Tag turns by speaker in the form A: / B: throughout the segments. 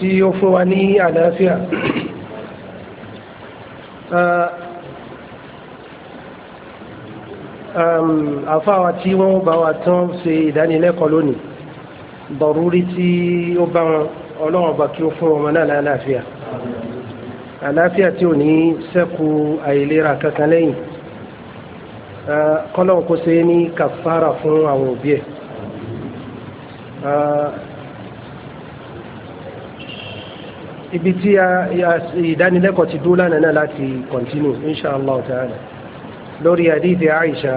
A: tí ó fún wa ní àlàáfíà um, àfáwa tí wọ́n bá wa tán ṣe ìdánilẹ́kọ̀ọ́ lónìí dọ̀rúrí tí ó bá wọn ọlọ́run ọba kí ó fún ọmọ náà lálàáfíà àlàáfíà tí ò ní ṣẹ́kù àìlera kankan lẹ́yìn kọ́lọ́run kó ṣe ní kàfàrà fún àwọn òbí ẹ̀. ibi tí ìdánilẹ́kọ̀ọ́ ti dúró lánàá náà láti kọ̀ntínú inshàlláhu ta'ala lórí àdìsí àìsà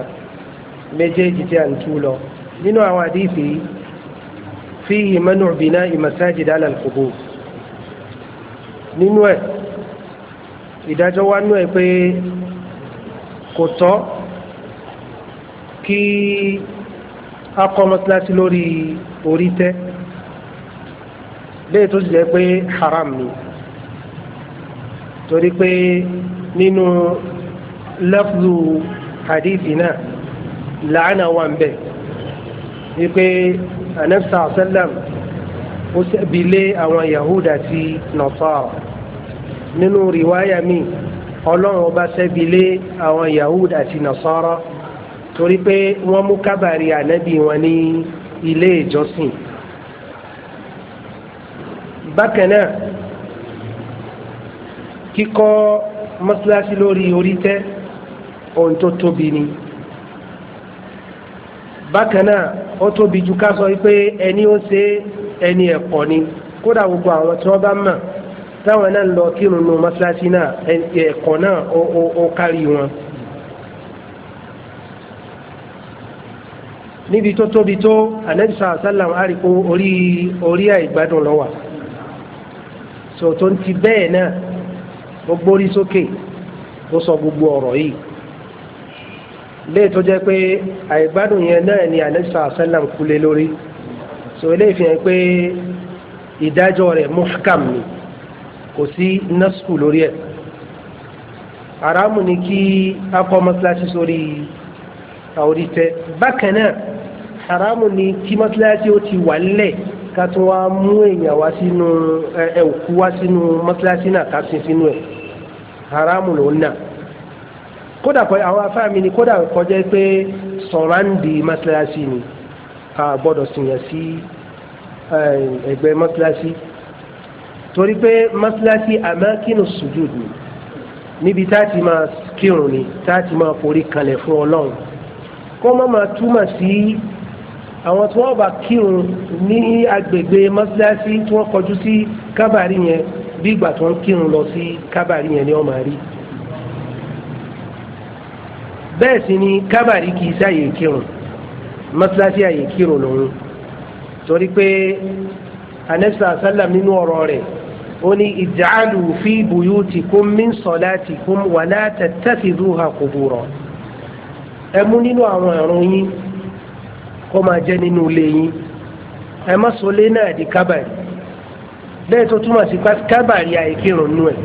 A: méjèèjì tí a ń tú lọ nínú àwọn àdìsí fihi manu bina imasajid ala al-qubur nínú ẹ̀ ìdájọ́ wa nú ẹ̀ pé kò tọ́ kí a lórí orí tẹ́ léyìí tó sì jẹ́ pé haram ni torí pé nínú lafzu hadithi náà làánà wà ń bẹ wípé anabisa asalam ó sẹ́bilé àwọn yahuda ti nasara nínú riwaya mi ọlọ́run ọba sẹ́bilé àwọn yahuda ti nasara torí pé wọ́n mú kábàárì ànábì wọn ní ilé ìjọsìn bákan náà kíkọ́ mọ́sálásí lórí orí tẹ́ ohun tó tóbi ni bákan náà ó tóbi ju ká sọ pé ẹni ó ṣe ẹni ẹ̀kọ́ ni kódà gbogbo àwọn tí wọ́n bá mọ̀ táwọn náà lọ kírun nu mọ́sálásí náà ẹ̀kọ́ náà ó kárí wọn. níbi tó tóbi tó ànẹ́bísà sálàm àríkó orí orí àìgbádùn lọ́wọ́ sọ̀tọ́ ti bẹ́ẹ̀ náà ó gbórí sókè ó sọ gbogbo ọ̀rọ̀ yìí lè tó jẹ́ pé àìgbádùn yẹn náà ni anisa asalam kulé lórí so eléyìí fi hàn pé ìdájọ́ rẹ̀ muhkam ni kò sí nasku lórí ẹ̀ haramu ni kí akọ mọ́sálásí sórí àwòrítẹ́ bákan náà haramu ni kí mọ́sálásí ó ti wà nílẹ̀ ká tún wá mú èèyàn wá sínú ẹ òkú wá sínú mọ́sálásí náà ká sin sínú ẹ̀ haramu ló ń nà kódà kọ àwọn afáàmì ni kódà kọjá pé sọ̀ráǹdì mọ́sálásí ni a gbọ́dọ̀ sìnyẹ̀ sí ẹgbẹ́ mọ́sálásí torí pé mọ́sálásí amákínú sùjúd níbi tá a ti máa kírun ni tá a ti máa forí kalẹ̀ fún ọlọ́run kó má máa túmọ̀ sí. Si, àwọn tí wọ́n bá kírun ní agbègbè mọ́sálásí tí wọ́n kọjú sí kábàárì yẹn bí ìgbà tí wọ́n kírun lọ sí kábàárì yẹn ni wọ́n máa rí bẹ́ẹ̀ sì ni kábàárì kì í sáyè kírun mọ́sálásí àyè kírun lòun torí pé anẹ́sà sálàm nínú ọ̀rọ̀ rẹ̀ ó ní ìjàálù fi buyutikum min salatikum wala tattakhidhuha qubura ẹ mú nínú àwọn ẹ̀rọ yín kó máa jẹ́ nínú ilé yín ẹ má sọ ilé náà di kábàárì bẹ́ẹ̀ tó túmọ̀ sí kábàárì àìkírun nú ẹ̀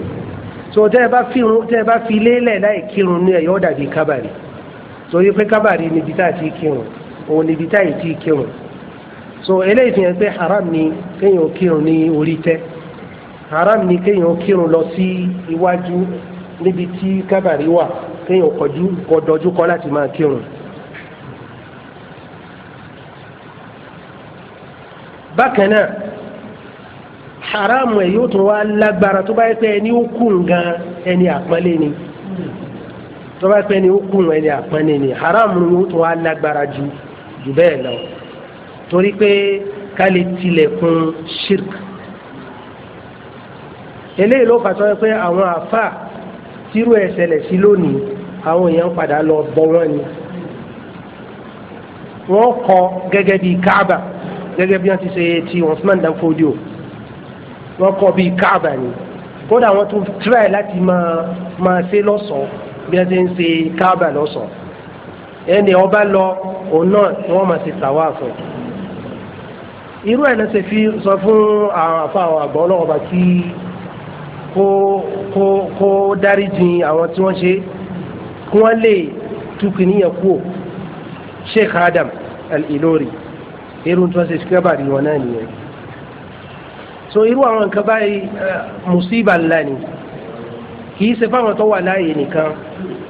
A: so tẹ́ ẹ bá fírun tẹ́ ẹ bá fi ilé lẹ̀ láì kírun nú ẹ̀ yóò dàbí kábàárì so yí pé kábàárì níbi tá a ti kírun òun níbi tá a ti kírun so eléyìí fi hàn pé haram ni kéèyàn kírun ní orí tẹ́ haram ni kéèyàn kírun lọ sí iwájú níbi tí kábàárì wà kéèyàn kọjú kọ dọjú kọ láti máa kírun. bákan náà haramu ẹ̀ yóò tún wá lágbára tó bá yẹ pé ẹni ó kùn gan ẹni àpọ́nlé ni tó bá yẹ pé ẹni ó kùn ẹni àpọ́nlé ni haramu yóò tún wá lágbára ju jù bẹ́ẹ̀ lọ torí pé ká tilẹ̀kùn shirk eléyìí ló fàtọ́ pé àwọn àfà tírú ẹ̀ ṣẹlẹ̀ sí lónìí àwọn èèyàn padà lọ bọ́ wọn ni wọ́n kọ gẹ́gẹ́ bíi káàbà gẹ́gẹ́ bí wọ́n ti ṣe ti Usman Dan Fodio wọ́n kọ́ bíi káàbà ni kódà wọ́n tún tíráì láti máa máa ṣe lọ́sọ̀ọ́ bí wọ́n ti ń ṣe káàbà lọ́sọ̀ọ́ ẹni ọba lọ òun náà ni wọ́n máa ṣe sàwá fún irú ẹ̀ lọ́sẹ̀ fi sọ fún àwọn àfa àwọn àgbọ̀ ọlọ́wọ́ba kí kó kó kó dáríjì àwọn tí wọ́n ṣe kí wọ́n lè tukì kú Sheikh Adam Al-Ilori irun tí wọ́n ṣe skábàrí wọn náà nìyẹn so irú àwọn nǹkan báyìí eh, mùsíbà ńlá ni kì í ṣe fáwọn tó wà láàyè nìkan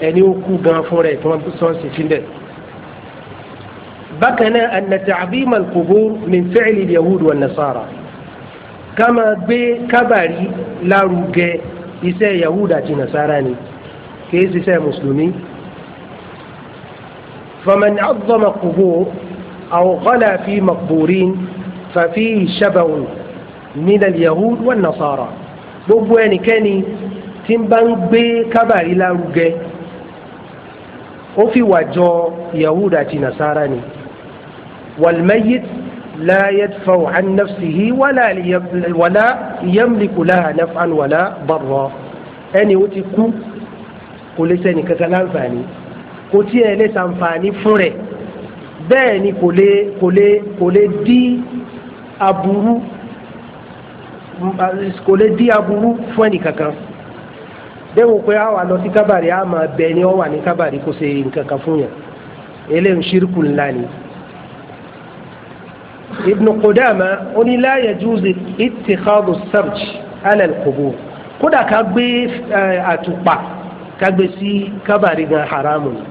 A: ẹni ó kú gan fún rẹ̀ tí wọ́n ṣe síbẹ̀ bákan náà anna ta'zima al-qubur min fi'li al-yahud wan gbé kábàrí lárugẹ iṣẹ́ yahud àti nasara ni kì ṣiṣẹ́ mùsùlùmí faman 'azzama qubur. أو غلا في مقبورين ففيه شبه من اليهود والنصارى gbogbo ẹnikẹ́ni tí ń bá ń gbé kábàrí lárugẹ ó fi wà jọ yahud àti nasara ni walmayit la yadfaw an nafsihi wala yamliku laha naf'an wala darra ẹni ó ti kú kò lè ṣe ẹnìkankan láǹfààní kò tiẹ̀ lè ṣàǹfààní fún rẹ̀ bẹ́ẹ̀ ni kò lè kò lè kò lè dí aburú kò lè dí aburú fún ẹnì kankan déwò pé àwa lọ sí kábàrí a máa bẹ ni ọ wà ní kábàrí kò ṣe nǹkan kan fún yàn eléyìí ṣírkù ńlá ni. Ibn Qudama ó ní la yajuzu ittikhadu sarj kódà ká gbé àtùpà ká gbé sí kábàrí gan haramu ni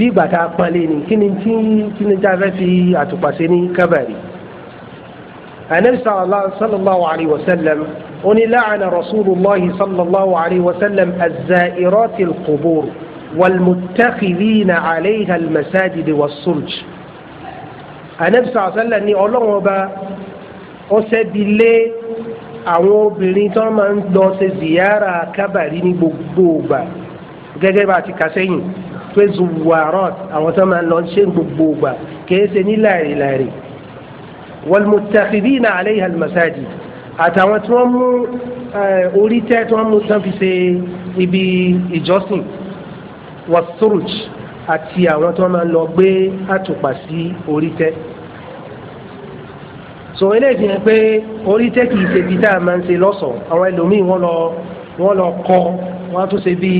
A: bí ìgbà tá a pọ́nlé ni kí ni tí kí ni tá a fẹ́ fi àtùpà ṣe ní kábàárì. anabi sallallahu alayhi wa sallam ó ní láàánà rasulillah sallallahu alayhi wa sallam azzairati alqubur walmutakhidina alayha almasajid wasulj. anabi sallallahu alayhi wa sallam ní ọlọ́run ọba ó ṣẹ́bi lé àwọn obìnrin tó máa ń lọ ṣe ziyara kábàárì ní gbogbo ìgbà gẹ́gẹ́ bá ti kà sẹ́yìn pé zuwarot àwọn tó máa ń lọ ṣe gbogbo gbà kìí ṣe ní láàrínláàrí wàlmùtàkìdínà àlẹ́yìn almasajid àtàwọn tí wọ́n mú eh, orí tẹ́ tí wọ́n mú tán fi ṣe ibi ìjọsìn wasuruj àti àwọn tí máa ń lọ gbé àtùpà sí orí tẹ́ so eléyìí fi hàn pé orí tẹ́ kìí ṣe bí tá a máa ń ṣe lọ́sọ̀ọ́ àwọn ẹlòmíì wọ́n lọ wọ́n lọ kọ́ wọ́n tún ṣe bí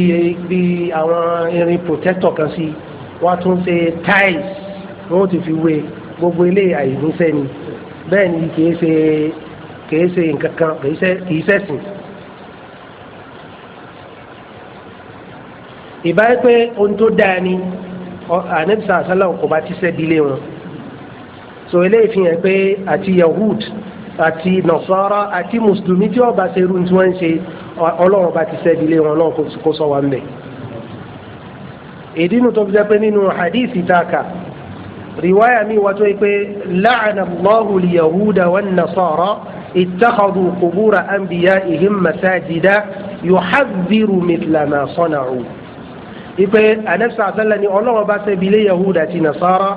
A: bí àwọn irin protector kan sí wọ́n tún ṣe tiles wọ́n ti fi wé gbogbo ilé àìníṣẹ́ ni bẹ́ẹ̀ ni kìí ṣe kìí ṣe nǹkan kan kìí ṣẹ̀sìn. ìbáyé pé ohun tó dáa ni ànábìsà àṣálà kò bá ti ṣẹ́bi lé wọn so eléyìí fi hàn pé àti Yahud àti nasara àti mùsùlùmí tí ọba ṣe irú tí wọ́n ń ṣe ọlọ́run bá ti sẹ́bi ilé wọn náà kó sọ wa ń bẹ̀. ìdínú tó fi jẹ́ pé nínú hadith ìtaaka riwaya mi wá tó yẹ pé la'ana Allahu al-yahuda wan-nasara ittakhadhu qubura anbiya'ihim masajida yuhadhdhiru mithla ma sana'u ipe anasa asala ni ọlọ́run bá sẹ́bi ilé yahuda àti nasara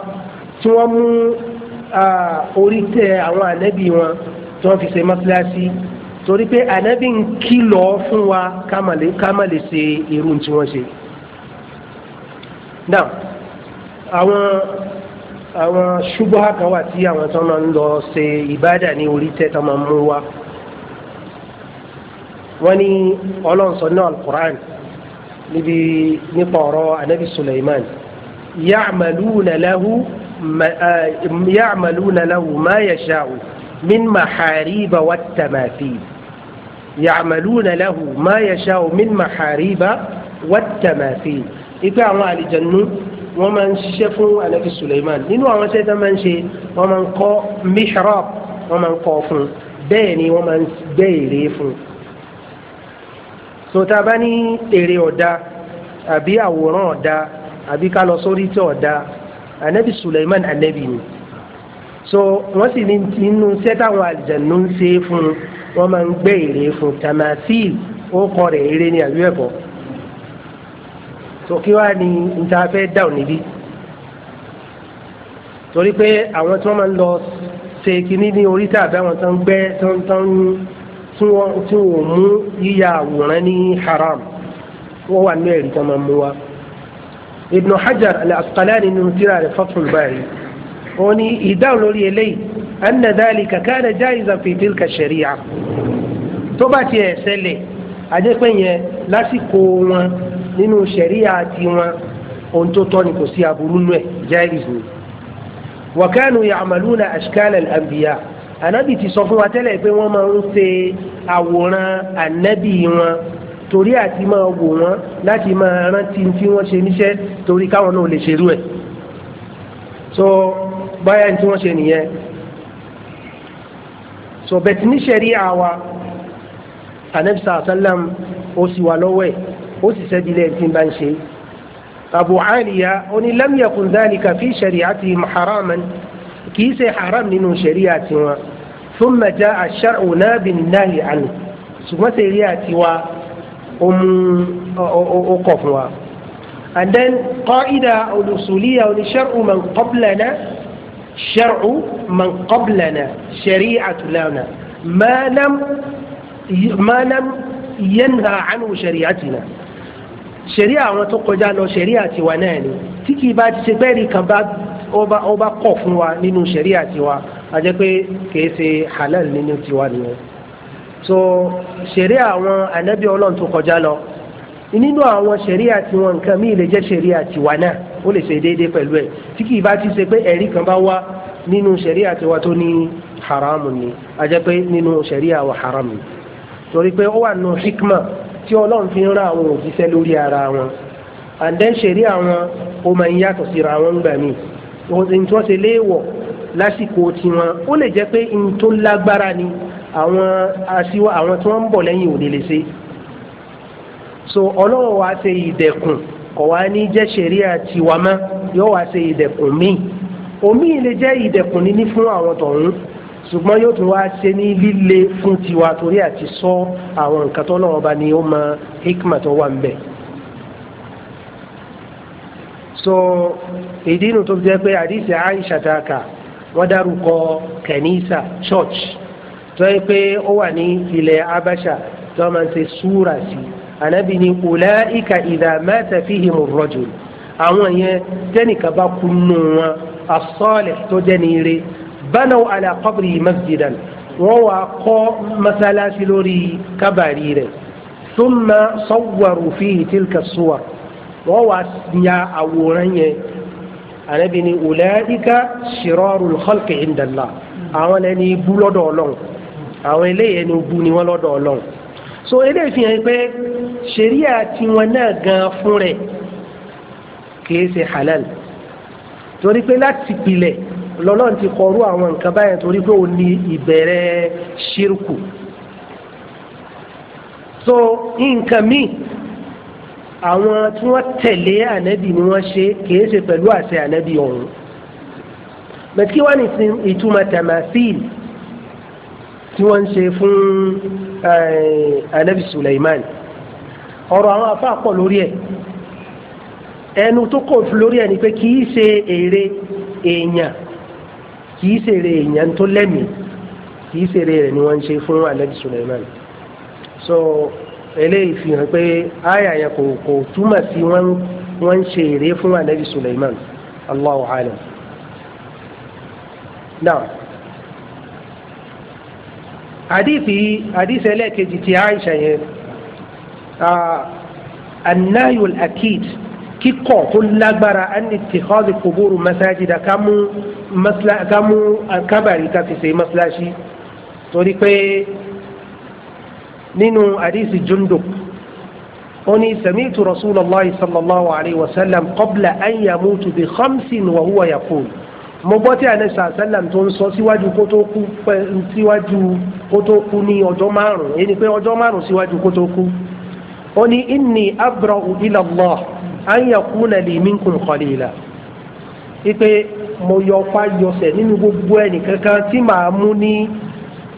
A: tí wọ́n mú orí tẹ àwọn ànábì wọn tí wọ́n fi ṣe mọ́sálásí torí pé ànábì ń kìlọ̀ fún wa ká má lè ṣe irú tí wọ́n ṣe. now àwọn àwọn ṣubúhà kan wà tí àwọn tó máa ń lọ ṣe ìbádà ní orí tẹ tó máa ń mú wa wọ́n ní ọlọ́run sọ ní alukur'an níbi nípa ọ̀rọ̀ ànábì Suleiman ya'maluna lahu. يعملون له ما يشاء من محاريب والتماثيل يعملون له ما يشاء من محاريب والتماثيل ipe àwọn àlìjẹnu wọn máa ń ṣiṣẹ́ fún anabi suleiman nínú àwọn iṣẹ́ tó máa ń ṣe wọn máa ń kọ́ mihrab wọn máa ń kọ́ fún bẹ́ẹ̀ ni wọn máa ń gbé ère fún sọta bá ní ère ọ̀dà àbí àwòrán ọ̀dà àbí ká lọ sórí tí ọ̀dà anabi suleiman anabi ni so wọ́n sì ní inú sẹ́tàwọn àlìjẹ̀nu ń ṣe fún wọ́n máa ń gbé ère fún tamasil ó kọ́ rẹ̀ eré ní àbí ẹ̀kọ́ so kí wàá ní níta fẹ́ dáhùn níbí torí pé àwọn tí wọ́n máa ń lọ ṣe kínní ní oríta àbí àwọn tó ń gbẹ́ tó ń tó ń tí wọ́n tí wọ́n mú yíya àwòrán ní haram wọ́n wà ní ẹ̀rí tó máa mú wa ibnu hajar al-asqalani nínú tírà rẹ̀ fathul bari ó ní ìdáhùn lórí eléyìí anna dhalika kana jaizan fi tilka sharia tó bá tiẹ̀ ṣẹlẹ̀ àjẹpẹ́ yẹn lásìkò wọn nínú sharia tiwọn ohun tó tọ́ ni kò sí aburú nù ẹ̀ jaiz ni wa kanu ya'maluna al-anbiya anabi ti sọ fún wa tẹ́lẹ̀ pé wọ́n máa ń ṣe àwòrán anabi wọn torí àti máa wò wọ́n láti máa rántí tí wọ́n ṣe níṣẹ́ torí káwọn náà lè ṣerú ẹ̀ so báyà tí wọ́n ṣe nìyẹn so bẹ̀tì ní ṣẹ̀rí àwa anabisa asalam ó sì wà lọ́wọ́ ẹ̀ ó sì sẹ́bílẹ̀ tí ń bá ń ṣe abu aliya ó ní lam yakun dhalika fi shari'atihim haraman kì í ṣe haram nínú ṣẹ̀ríà tiwọn thumma jaa ash-shar'u nabin nahi anhu ṣùgbọ́n ṣẹ̀ríà tiwa ó kọ̀ fún wa. and then qaida olùsùlíyà oníṣẹ́rù man qablana ṣẹ́rù man qablana shari'atu lana ma lam ma lam yanha anhu shari'atina ṣẹ̀rí àwọn tó kọjá lọ ṣẹ̀rí àtiwa náà ni tí kì í bá ti ṣe bẹ́ẹ̀rì kan bá ọba kọ̀ fún wa nínú ṣẹ̀rí àtiwa a jẹ́ pé kìí ṣe halal nínú tiwa nìyẹn so ṣẹ̀rí àwọn ànábì ọlọ́run tó kọjá lọ nínú àwọn ṣẹ̀rí àti wọn nǹkan míì lè jẹ́ ṣẹ̀rí àti wa náà ó lè ṣe déédéé pẹ̀lú ẹ̀ tí kì í bá ti ṣe pé ẹ̀rí kan bá wá nínú ṣẹ̀rí àti wa tó ní haramu ni a jẹ́ pé nínú ṣẹ̀rí àwa haramu torí pé ó wà nù hikma tí ọlọ́run fi ń ra àwọn òjíṣẹ́ lórí ara wọn and then ṣẹ̀rí àwọn ó máa ń yàtọ̀ síra wọn gbà míì ohun léèwọ̀ lásìkò tiwọn ó lè jẹ́ pé n ni àwọn aṣíwá àwọn tí wọ́n ń bọ̀ lẹ́yìn òde lè ṣe so ọlọ́run wa ṣe ìdẹ̀kùn kọ̀ wá ní jẹ́ ṣẹ̀ríà tiwa mọ́ yóò wá ṣe ìdẹ̀kùn míì omi lè jẹ́ ìdẹ̀kùn níní fún àwọn tọ̀hún ṣùgbọ́n yóò tún wá ṣe ní líle fún tiwa torí àti sọ àwọn nǹkan tó lọ́wọ́ bá ní ó mọ hikma tó wà ń so ìdí inú tó jẹ́ pé àdìsí Aisha ta kà wọ́n dárúkọ kẹ̀nísà church tó yẹ pé ó wà ní ilẹ̀ abasha tó máa ń ṣe súra sí ànábì ní ulaika idha mata fihim ar-rajul àwọn yẹn tẹ́nìkan bá kú nù wọn as-salih tó jẹ́ ní ire banaw ala qabri masjidan wọ́n wá kọ́ masalasi lórí kábàrí rẹ̀ thumma sawwaru fihi tilka as wọ́n wá ya àwòrán yẹn ànábì ní ulaika shirarul khalqi inda Allah àwọn ẹni bú ọlọ́run àwọn eléyìí ẹni ogun ni wọ́n lọ́dọ̀ ọlọ́run so eléyìí fi hàn pé ṣẹ̀ríà tiwọn náà gan fún rẹ̀ kìí ṣe halal torí pé láti pilẹ̀ lọ́lọ́run ti kọrú àwọn nǹkan báyẹn torí pé ó ní ìbẹ̀rẹ̀ ṣírkù so nǹkan míì àwọn tí wọ́n tẹ̀lé ànábì ni wọ́n ṣe kìí ṣe pẹ̀lú àṣẹ ànábì ọ̀hún bẹ̀tí wọ́n ní ìtumọ̀ tàmásìlì tí wọ́n ń ṣe fún anabi eh, Suleiman ọ̀rọ̀ àwọn afa pọ̀ lórí ẹ̀ ẹnu tó kọ̀ lórí ẹ̀ ni pé kì í ṣe èrè èèyàn kì í ṣe èrè èèyàn tó lẹ́mìí kì í ṣe èrè rẹ̀ ni wọ́n ń ṣe fún anabi Suleiman so eléyìí fi hàn pé àyà yẹn kò kò túmọ̀ sí wọ́n wọ́n ń ṣe èrè fún anabi Suleiman Allahu alam. Now hadithi hadithi ẹlẹ́ẹ̀kejì ti Aisha yẹn anayul akid kíkọ̀ tó lágbára ẹni tìkọ́sì kòbóòrò mẹ́sáàjìdá kámú kábàrí ká fi ṣe mọ́ṣáláṣí torí pé nínú àdìsí jundub ó ní sami'tu rasulallahi sallallahu alayhi wa sallam qabla an yamutu bi khamsin wa huwa yaqul mo gbọ́ tí àná sàṣẹ́làm tó ń sọ síwájú kó tó kú pẹ́ síwájú kó tó kú ní ọjọ́ márùn-ún èyí ni pé ọjọ́ márùn-ún síwájú kó tó kú ó ní inni abra'u ila Allah an yakuna li minkum khalila ipe mo yọ ọpá yọsẹ̀ nínú gbogbo ẹnì kankan tí màá mú ní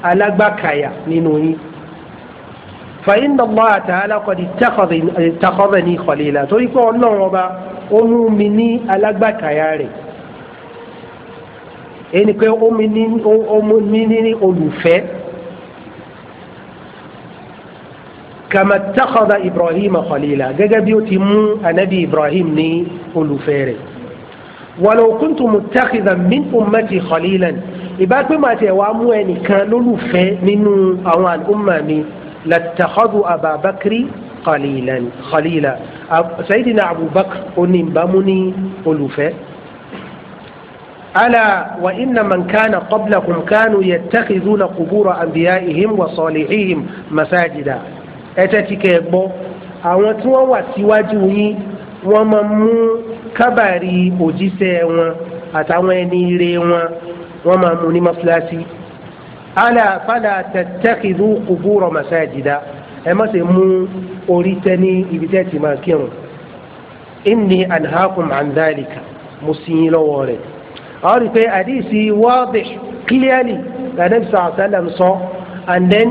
A: alágbàkàyà nínú yín fa inna Allah ta'ala qad ittakhadhani khalila torí pé ọlọ́run ọba ó mú mi ní alágbàkàyà rẹ̀ ẹni pé omi mi ní olùfẹ́ kama takhada ibrahim ọ̀kọ̀lélà gẹ́gẹ́ bí ó ti mú anabi ibrahim ní olùfẹ́ rẹ̀ walaw kuntu muttakhidhan min ummati khalilan ìbá pé màá tẹ̀ wá mú ẹnìkan lólùfẹ́ nínú àwọn àlùmọ̀ mi la latakhadu ababakiri khalilan khalila sayidina abubakar onímbàmúni olùfẹ́. ألا وإن من كان قبلكم كانوا يتخذون قبور أنبيائهم وصالحيهم مساجدا أتتك يبو àwọn tí wọ́n wà síwájú yín wọ́n máa mú kábàárì òjíṣẹ́ wọn àtàwọn ẹni ire wọn wọ́n máa mú ní mọ́sálásí. ala fala tẹtẹkìdú kúbúrọ masajida ẹ má ṣe mú orí tẹ ní ibi tẹ ti máa kírun. inni anhaakum an dhalika mo sì yín lọ́wọ́ rẹ̀ àwọn rí i pé àdìsí wọ́ọ̀dì clearly lànàbí sọ àṣàlẹ̀ sọ and then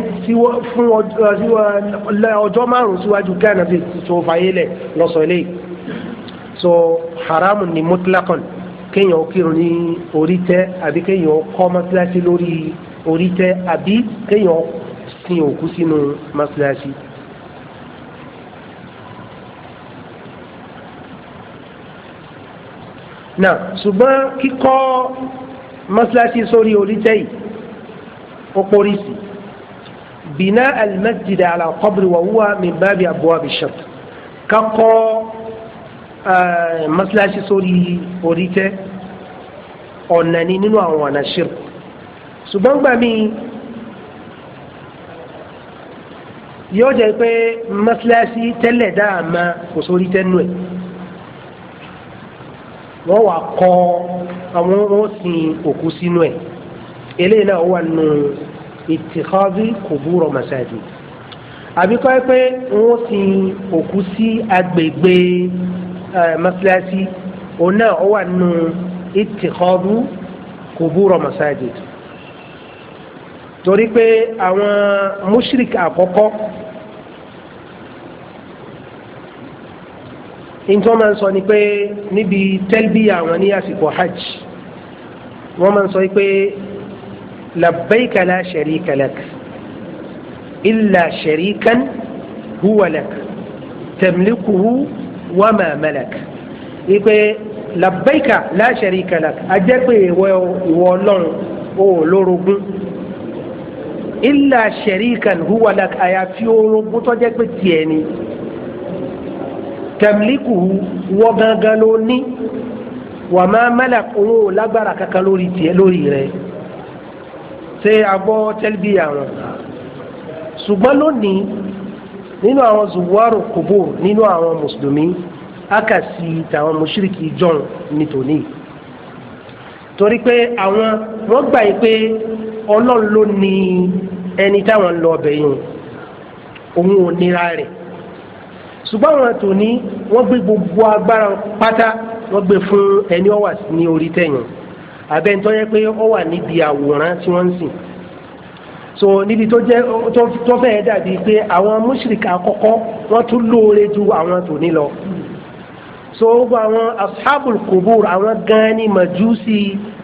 A: fún uh, uh, ọjọ́ márùn-ún síwájú gánà bí tó fàyè lẹ̀ lọ́sọ̀ eléyìí so haramu ni mutlakon kéèyàn ó kírun ní orí tẹ́ àbí kéèyàn ó kọ́ mọ́sálásí lórí orí tẹ́ àbí kéèyàn ó sin òkú sínú mọ́sálásí. náà ṣùgbọ́n kíkọ́ mọ́ṣáláṣí sórí oríṣẹ́ yìí ó pórìsì bìnà alimẹ́tìdà àlàkọ́bìrì wàhùwà mìbábi àbúwà bishop kakọ́ mọ́ṣáláṣí sórí oríṣẹ́ ọ̀nà ni nínú àwọn ọ̀nà ṣírk ṣùgbọ́n gbà mí yóò jẹ́ pé mọ́ṣáláṣí tẹ́lẹ̀ dáa ma kò sórí tẹ́nu ẹ̀ wọ́n wà kọ́ àwọn wọ́n sin òkú sínú ẹ̀ eléyìí náà wà nù ìtìkọ́bí kòbúrọ̀ màsáàjì àbí kọ́ ẹ pé wọ́n sin òkú sí agbègbè mọ́sálásí òun náà wà nù ìtìkọ́bí kòbúrọ̀ màsáàjì torí pé àwọn mushrik àkọ́kọ́. ntí wọ́n máa ń sọ ni pé níbi tẹ́lbíyà wọn ní àsìkò hajj wọ́n máa ń sọ pé labbaika la sharika lak illa sharikan huwa lak tamlikuhu wa ma malak ipe labbaika la sharika lak a ìwọ ọlọ́run o lórogún illa sharikan huwa àyàfi orogún tó tiẹ̀ ni tẹ̀mílíkù wọ gangan ló ní wà máa mẹ́lẹ̀ òun ò lágbára kankan lórí tiẹ̀ lórí rẹ̀ ṣe abọ́ tẹ́lifíà wọn. ṣùgbọ́n lónìí nínú àwọn zuwaru kubo nínú àwọn mùsùlùmí akasi tàwọn mùṣírìkì john nítòní. torí pé àwọn wọ́n gbà yìí pé ọlọ́run ló ní ẹni táwọn ń lọ ọbẹ̀ yìí òun ò nira rẹ̀ ṣùgbọ́n àwọn tòní wọ́n gbé gbogbo agbára pátá wọ́n gbé fún ẹni ó wà ní orí tẹ̀yìn abẹ́ ń pé ó wà níbi àwòrán tí wọ́n ń sìn so níbi tó jẹ́ tó fẹ́ẹ́ dàbí pé àwọn mùṣírìkà àkọ́kọ́ wọ́n tún lóore ju àwọn tòní lọ so gbogbo àwọn ashabul kubur àwọn gan ni màjúsì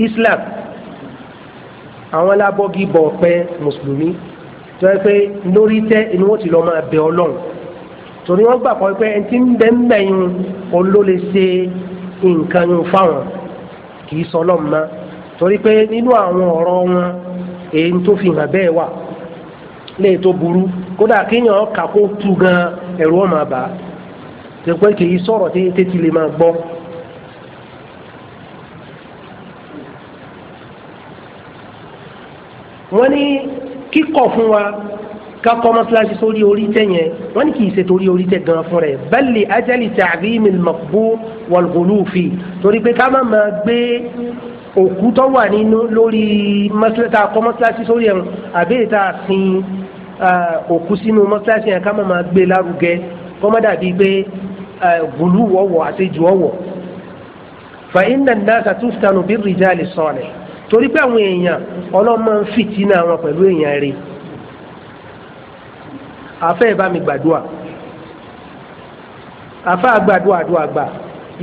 A: islam àwọn alábọ́gí bọ̀ pẹ́ mùsùlùmí tó yẹ pé lórí tẹ́ inú wọn ti lọ́ọ́ máa bẹ ọlọ́run torí wọn gbà pé ẹni tí ń bẹ́ ń bẹ́ yín olólè ṣe nǹkan yín fáwọn kì í sọ ọlọ́run torí pé nínú àwọn ọ̀rọ̀ wọn èyí tó fi hàn bẹ́ẹ̀ wà lè tó burú kódà kéèyàn tu gan ẹ̀rù pé kakọ́ mọ́sálásí sórí orí tẹ̀ yẹn wọ́n ní kì í ṣe torí orí gan fún rẹ̀ bẹ́ẹ̀lì ajali ta'zimil maqbur wal ghulu fi torí pé ká má máa gbé òkú tó wà nínú lórí mọ́sálásí akọ́ mọ́sálásí sórí ẹ̀rùn àbí ìta sin òkú sínú mọ́sálásí yẹn ká má máa gbé lárugẹ kọ́ má dàbí pé ghulu wọ̀wọ̀ àṣejù ọ̀wọ̀ fa inna an-nasa tuftanu bir-rijali salih torí pé àwọn èèyàn ọlọ́mọ ń fìtínà wọn pẹ̀lú èèyàn rèé àfẹ́ ẹ̀ bá mi gbàdúrà afa àgbàdúrà àdúrà gbà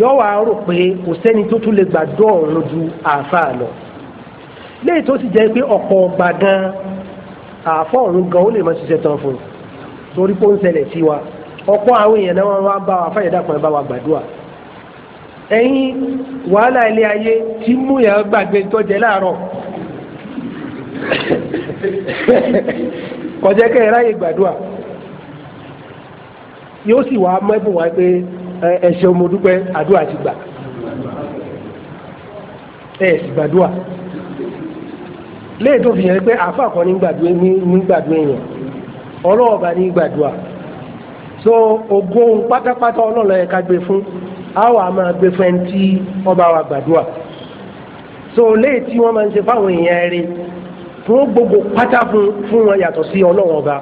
A: yọ wa rò pé kò sẹ́ni tó tún lè gbàdúrà ọ̀run ju àfẹ́ àlọ́ léyìí tó sì jẹ́ pé ọ̀pọ̀ ọgbà gan àfọ́ ọ̀run gan ó lè má ṣiṣẹ́ tán fún un torí pé ó ń ṣẹlẹ̀ sí wa ọ̀pọ̀ àwọn èèyàn náà wọ́n bá wa fẹ́yẹ̀ dàpọ̀ bá wa gbàdúrà ẹ̀yin wàhálà ilé ayé tí mú yàrá gbàgbé tó jẹ láàárọ̀ kọjá kẹ́ ráyè gbàdúrà yóò sì wá mẹ́bùn wá pé ẹ̀ṣẹ̀ mo dúpẹ́ àdúrà ti gbà ẹ̀ sì gbàdúrà léè tó fi hàn pé àáfàá kan ní gbàdúrà ní gbàdúrà yẹn ọlọ́ọ̀bà ní gbàdúrà so ògo pátápátá ọlọ́ọ̀lọ́ yẹ ká gbé fún àwọn àmọ́ gbé fún ẹni tí ọba wa gbàdúrà so léè tí wọ́n máa ń ṣe fáwọn èèyàn rẹ̀ fún gbogbo pátá fún wọn yàtọ̀ sí ọlọ́wọ́n ọba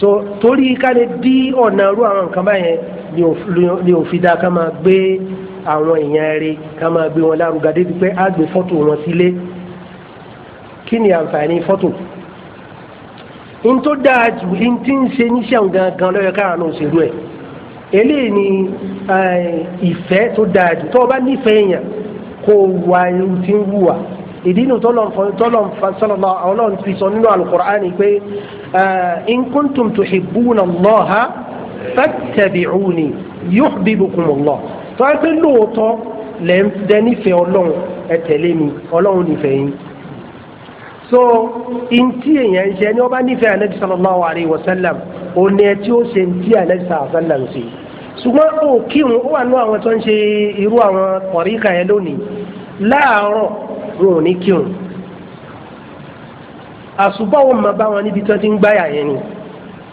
A: so torí ká lè dí ọ̀nà irú àwọn nǹkan báyẹn ni ò fi dá ká máa gbé àwọn èèyàn rẹ̀ ká máa gbé wọn lárugà débi pé á gbé fọ́tò wọn sílé kí ni àǹfààní fọ́tò n tó dáa jù n tí ń ṣe níṣẹ́ òun gangan lọ́yọ̀ káàánú òṣèlú ẹ̀ eléyìí ni ìfẹ́ tó dáa jù tó o bá nífẹ̀ẹ́ èèyàn kó o wá irú tí ń wù wá ìdínú tọ́lọ̀ sọlọ́lọ́ ọlọ́run fi sọ nínú alukur'ani pé in kuntum tuhibbuna Allaha fattabi'uni yuhbibkumullah tó ẹ pé lóòótọ́ lẹ́ ń dẹ nífẹ̀ẹ́ ọlọ́run ẹ tẹ̀lé mi ọlọ́run nífẹ̀ẹ́ yín. so in tí èèyàn ń ṣe ni wọ́n bá nífẹ̀ẹ́ anabi sallallahu alayhi wa sallam ò ní ẹ tí ó ṣe ń tí anabi sallallahu ṣe ṣùgbọ́n òkìrun ó wà nínú àwọn tó ń ṣe irú àwọn tọ̀ríkà yẹn lónìí láàárọ̀ wọn ò ní kírun àṣùbọ̀ wọn máa bá wọn níbi tí wọ́n ti ń gbáyà yẹn ni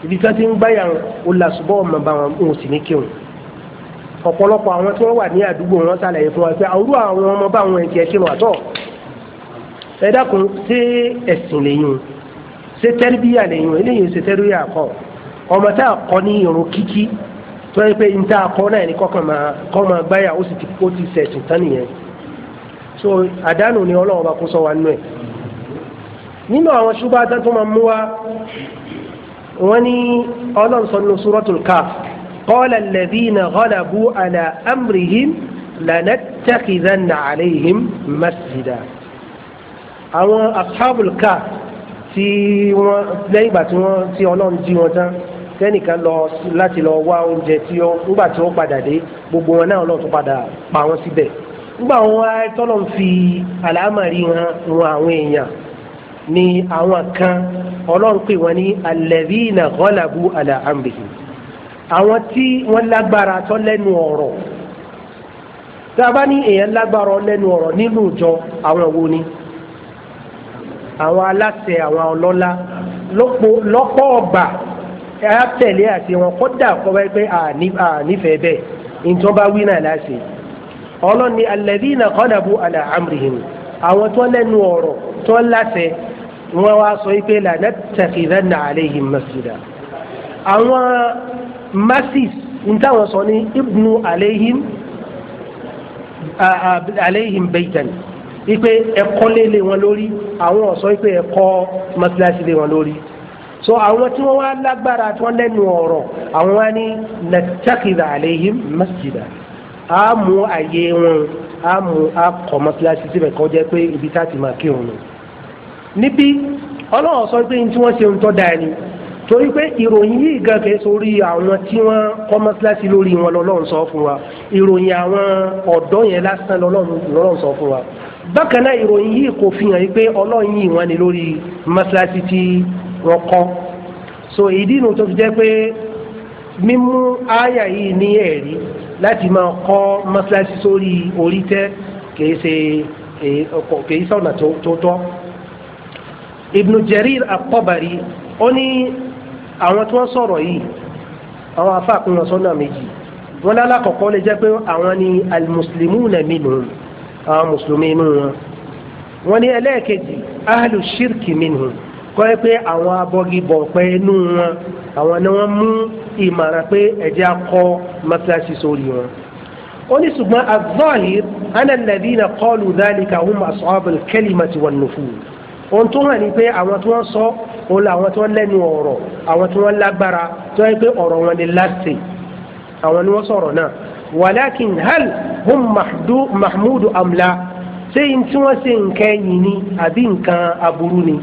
A: ibi tí wọ́n ti ń gbáyà wọn ò lè àṣùbọ̀ wọn máa bá wọn wọn ò sì ní kírun ọ̀pọ̀lọpọ̀ àwọn tí wọ́n wà ní àdúgbò wọn ṣàlàyé fún wa pé àwùrọ̀ àwọn ọmọ bá wọn ẹ̀jẹ̀ kírun àtọ̀ ẹ dákun ṣé ẹ̀sìn lẹ́yìn ṣé tẹ́rìbíyà lẹ́yìn eléyìí ṣe tẹ́rìbíyà kọ́ ọmọ tá a kọ́ ní irun kíkí tó yẹ pé ní tá a náà ní kọ́kàn máa kọ́ máa gbáyà ó sì ti ṣẹ̀sìn tán nìyẹn so àdánù ni ọlọ́run bá kó sọ wa nínú ẹ̀ nínú àwọn ṣúgbà tó máa mú wa wọ́n ní ọlọ́run sọ nínú suratul kaf qala alladhina ghalabu ala amrihim lanattakhidanna alayhim masjida àwọn ashabul kaf tí wọ́n lẹ́yìn ìgbà tí wọ́n tí ọlọ́run jí wọn tán tẹ́nìkan lọ láti lọ wá oúnjẹ tí ó ńgbà tí ó padà dé gbogbo wọn náà ọlọ́run padà pa wọ́n síbẹ̀. Si nígbà wọn wá tọ́lọ̀ ń fi àlámàrí wọn wọn àwọn èèyàn ní àwọn kan ọlọ́run pè wọ́n ní alladhina ghalabu ala amrihim àwọn tí wọ́n lágbára tó lẹ́nu ọ̀rọ̀ tí a bá ní èèyàn lágbára lẹ́nu ọ̀rọ̀ nínú ìjọ àwọn wo ni àwọn aláṣẹ àwọn ọlọ́lá lọ́pọ̀ ọgbà á tẹ̀lé àti wọn kódà kọ́ wáyé pé à nífẹ̀ẹ́ bẹ́ẹ̀ ìjọba wí náà láṣẹ ọlọ́ni alladhina ghalabu ala amrihim àwọn tó lẹ́nu ọ̀rọ̀ tó láṣẹ wọn wá sọ pé lanattakhidanna alayhim masjida àwọn masis ntáwọn sọ ní ibnu alayhim alayhim baytan ipe ẹ̀kọ́ lélẹ̀ wọn lórí àwọn ọ̀sọ́ ipe ẹ̀kọ́ mọ́síláṣí lé wọn lórí so àwọn tí wọ́n wá lágbára tí wọ́n lẹ́nu ọ̀rọ̀ àwọn wá ní nàtàkìdà àléhìm mọ́sídà á mú àyè wọn á mú akọ̀ síbẹ̀ kọ́ jẹ́ pé ibi tá a ti máa kírun nù. níbi ọlọ́run sọ pé ní tí wọ́n ṣe ń tọ́ da ẹni torí pé ìròyìn yìí gan kẹ́ sórí àwọn tí wọ́n kọ́ mọ́sálásí lórí wọn lọ́lọ́run sọ fún wa ìròyìn àwọn ọ̀dọ́ yẹn lásán lọ́lọ́run sọ fún wa bákan náà ìròyìn yìí kò fi hàn pé ọlọ́run yìí wọ́n ní lórí mọ́sálásí tí wọ́n kọ́ so ìdí inú tó fi jẹ́ pé mímú ááyà yìí ní ẹ̀rí láti máa kọ́ mọ́ṣáláṣí sórí orí tẹ́ kìí ṣe kìí sọ̀nà tó tọ́. Ibn Jarir At-Tabari ó ní àwọn tí wọ́n sọ̀rọ̀ yìí àwọn afáàkùn wọn sọ́nà méjì wọn lálàkọ̀kọ́ lè jẹ́ pé àwọn ni al-muslimuna minhum àwọn mùsùlùmí inú wọn wọ́n ní ẹlẹ́ẹ̀kejì ahlu shirki minhum kọ́ ẹ pé àwọn abọ́gibọ̀ pẹ́ inú wọn àwọn ni wọ́n mú ìmọ̀ràn pé ẹ̀jẹ̀ akọ mọ́tíláṣí sórí wọn. ó ní ṣùgbọ́n az-zahir anna alladhina qalu dhalika hum ashabul kalimati wan nufuz ohun tó hàn ní pé àwọn tí wọ́n sọ òun là àwọn tí wọ́n lẹ́nu ọ̀rọ̀ àwọn tí wọ́n lágbára tó yẹ pé ọ̀rọ̀ wọn ni láti àwọn ni wọ́n sọ̀rọ̀ náà walakin hal hum mahmudu amla ṣé tí wọ́n ṣe nǹkan ẹ̀yìn ni àbí nǹkan aburú ni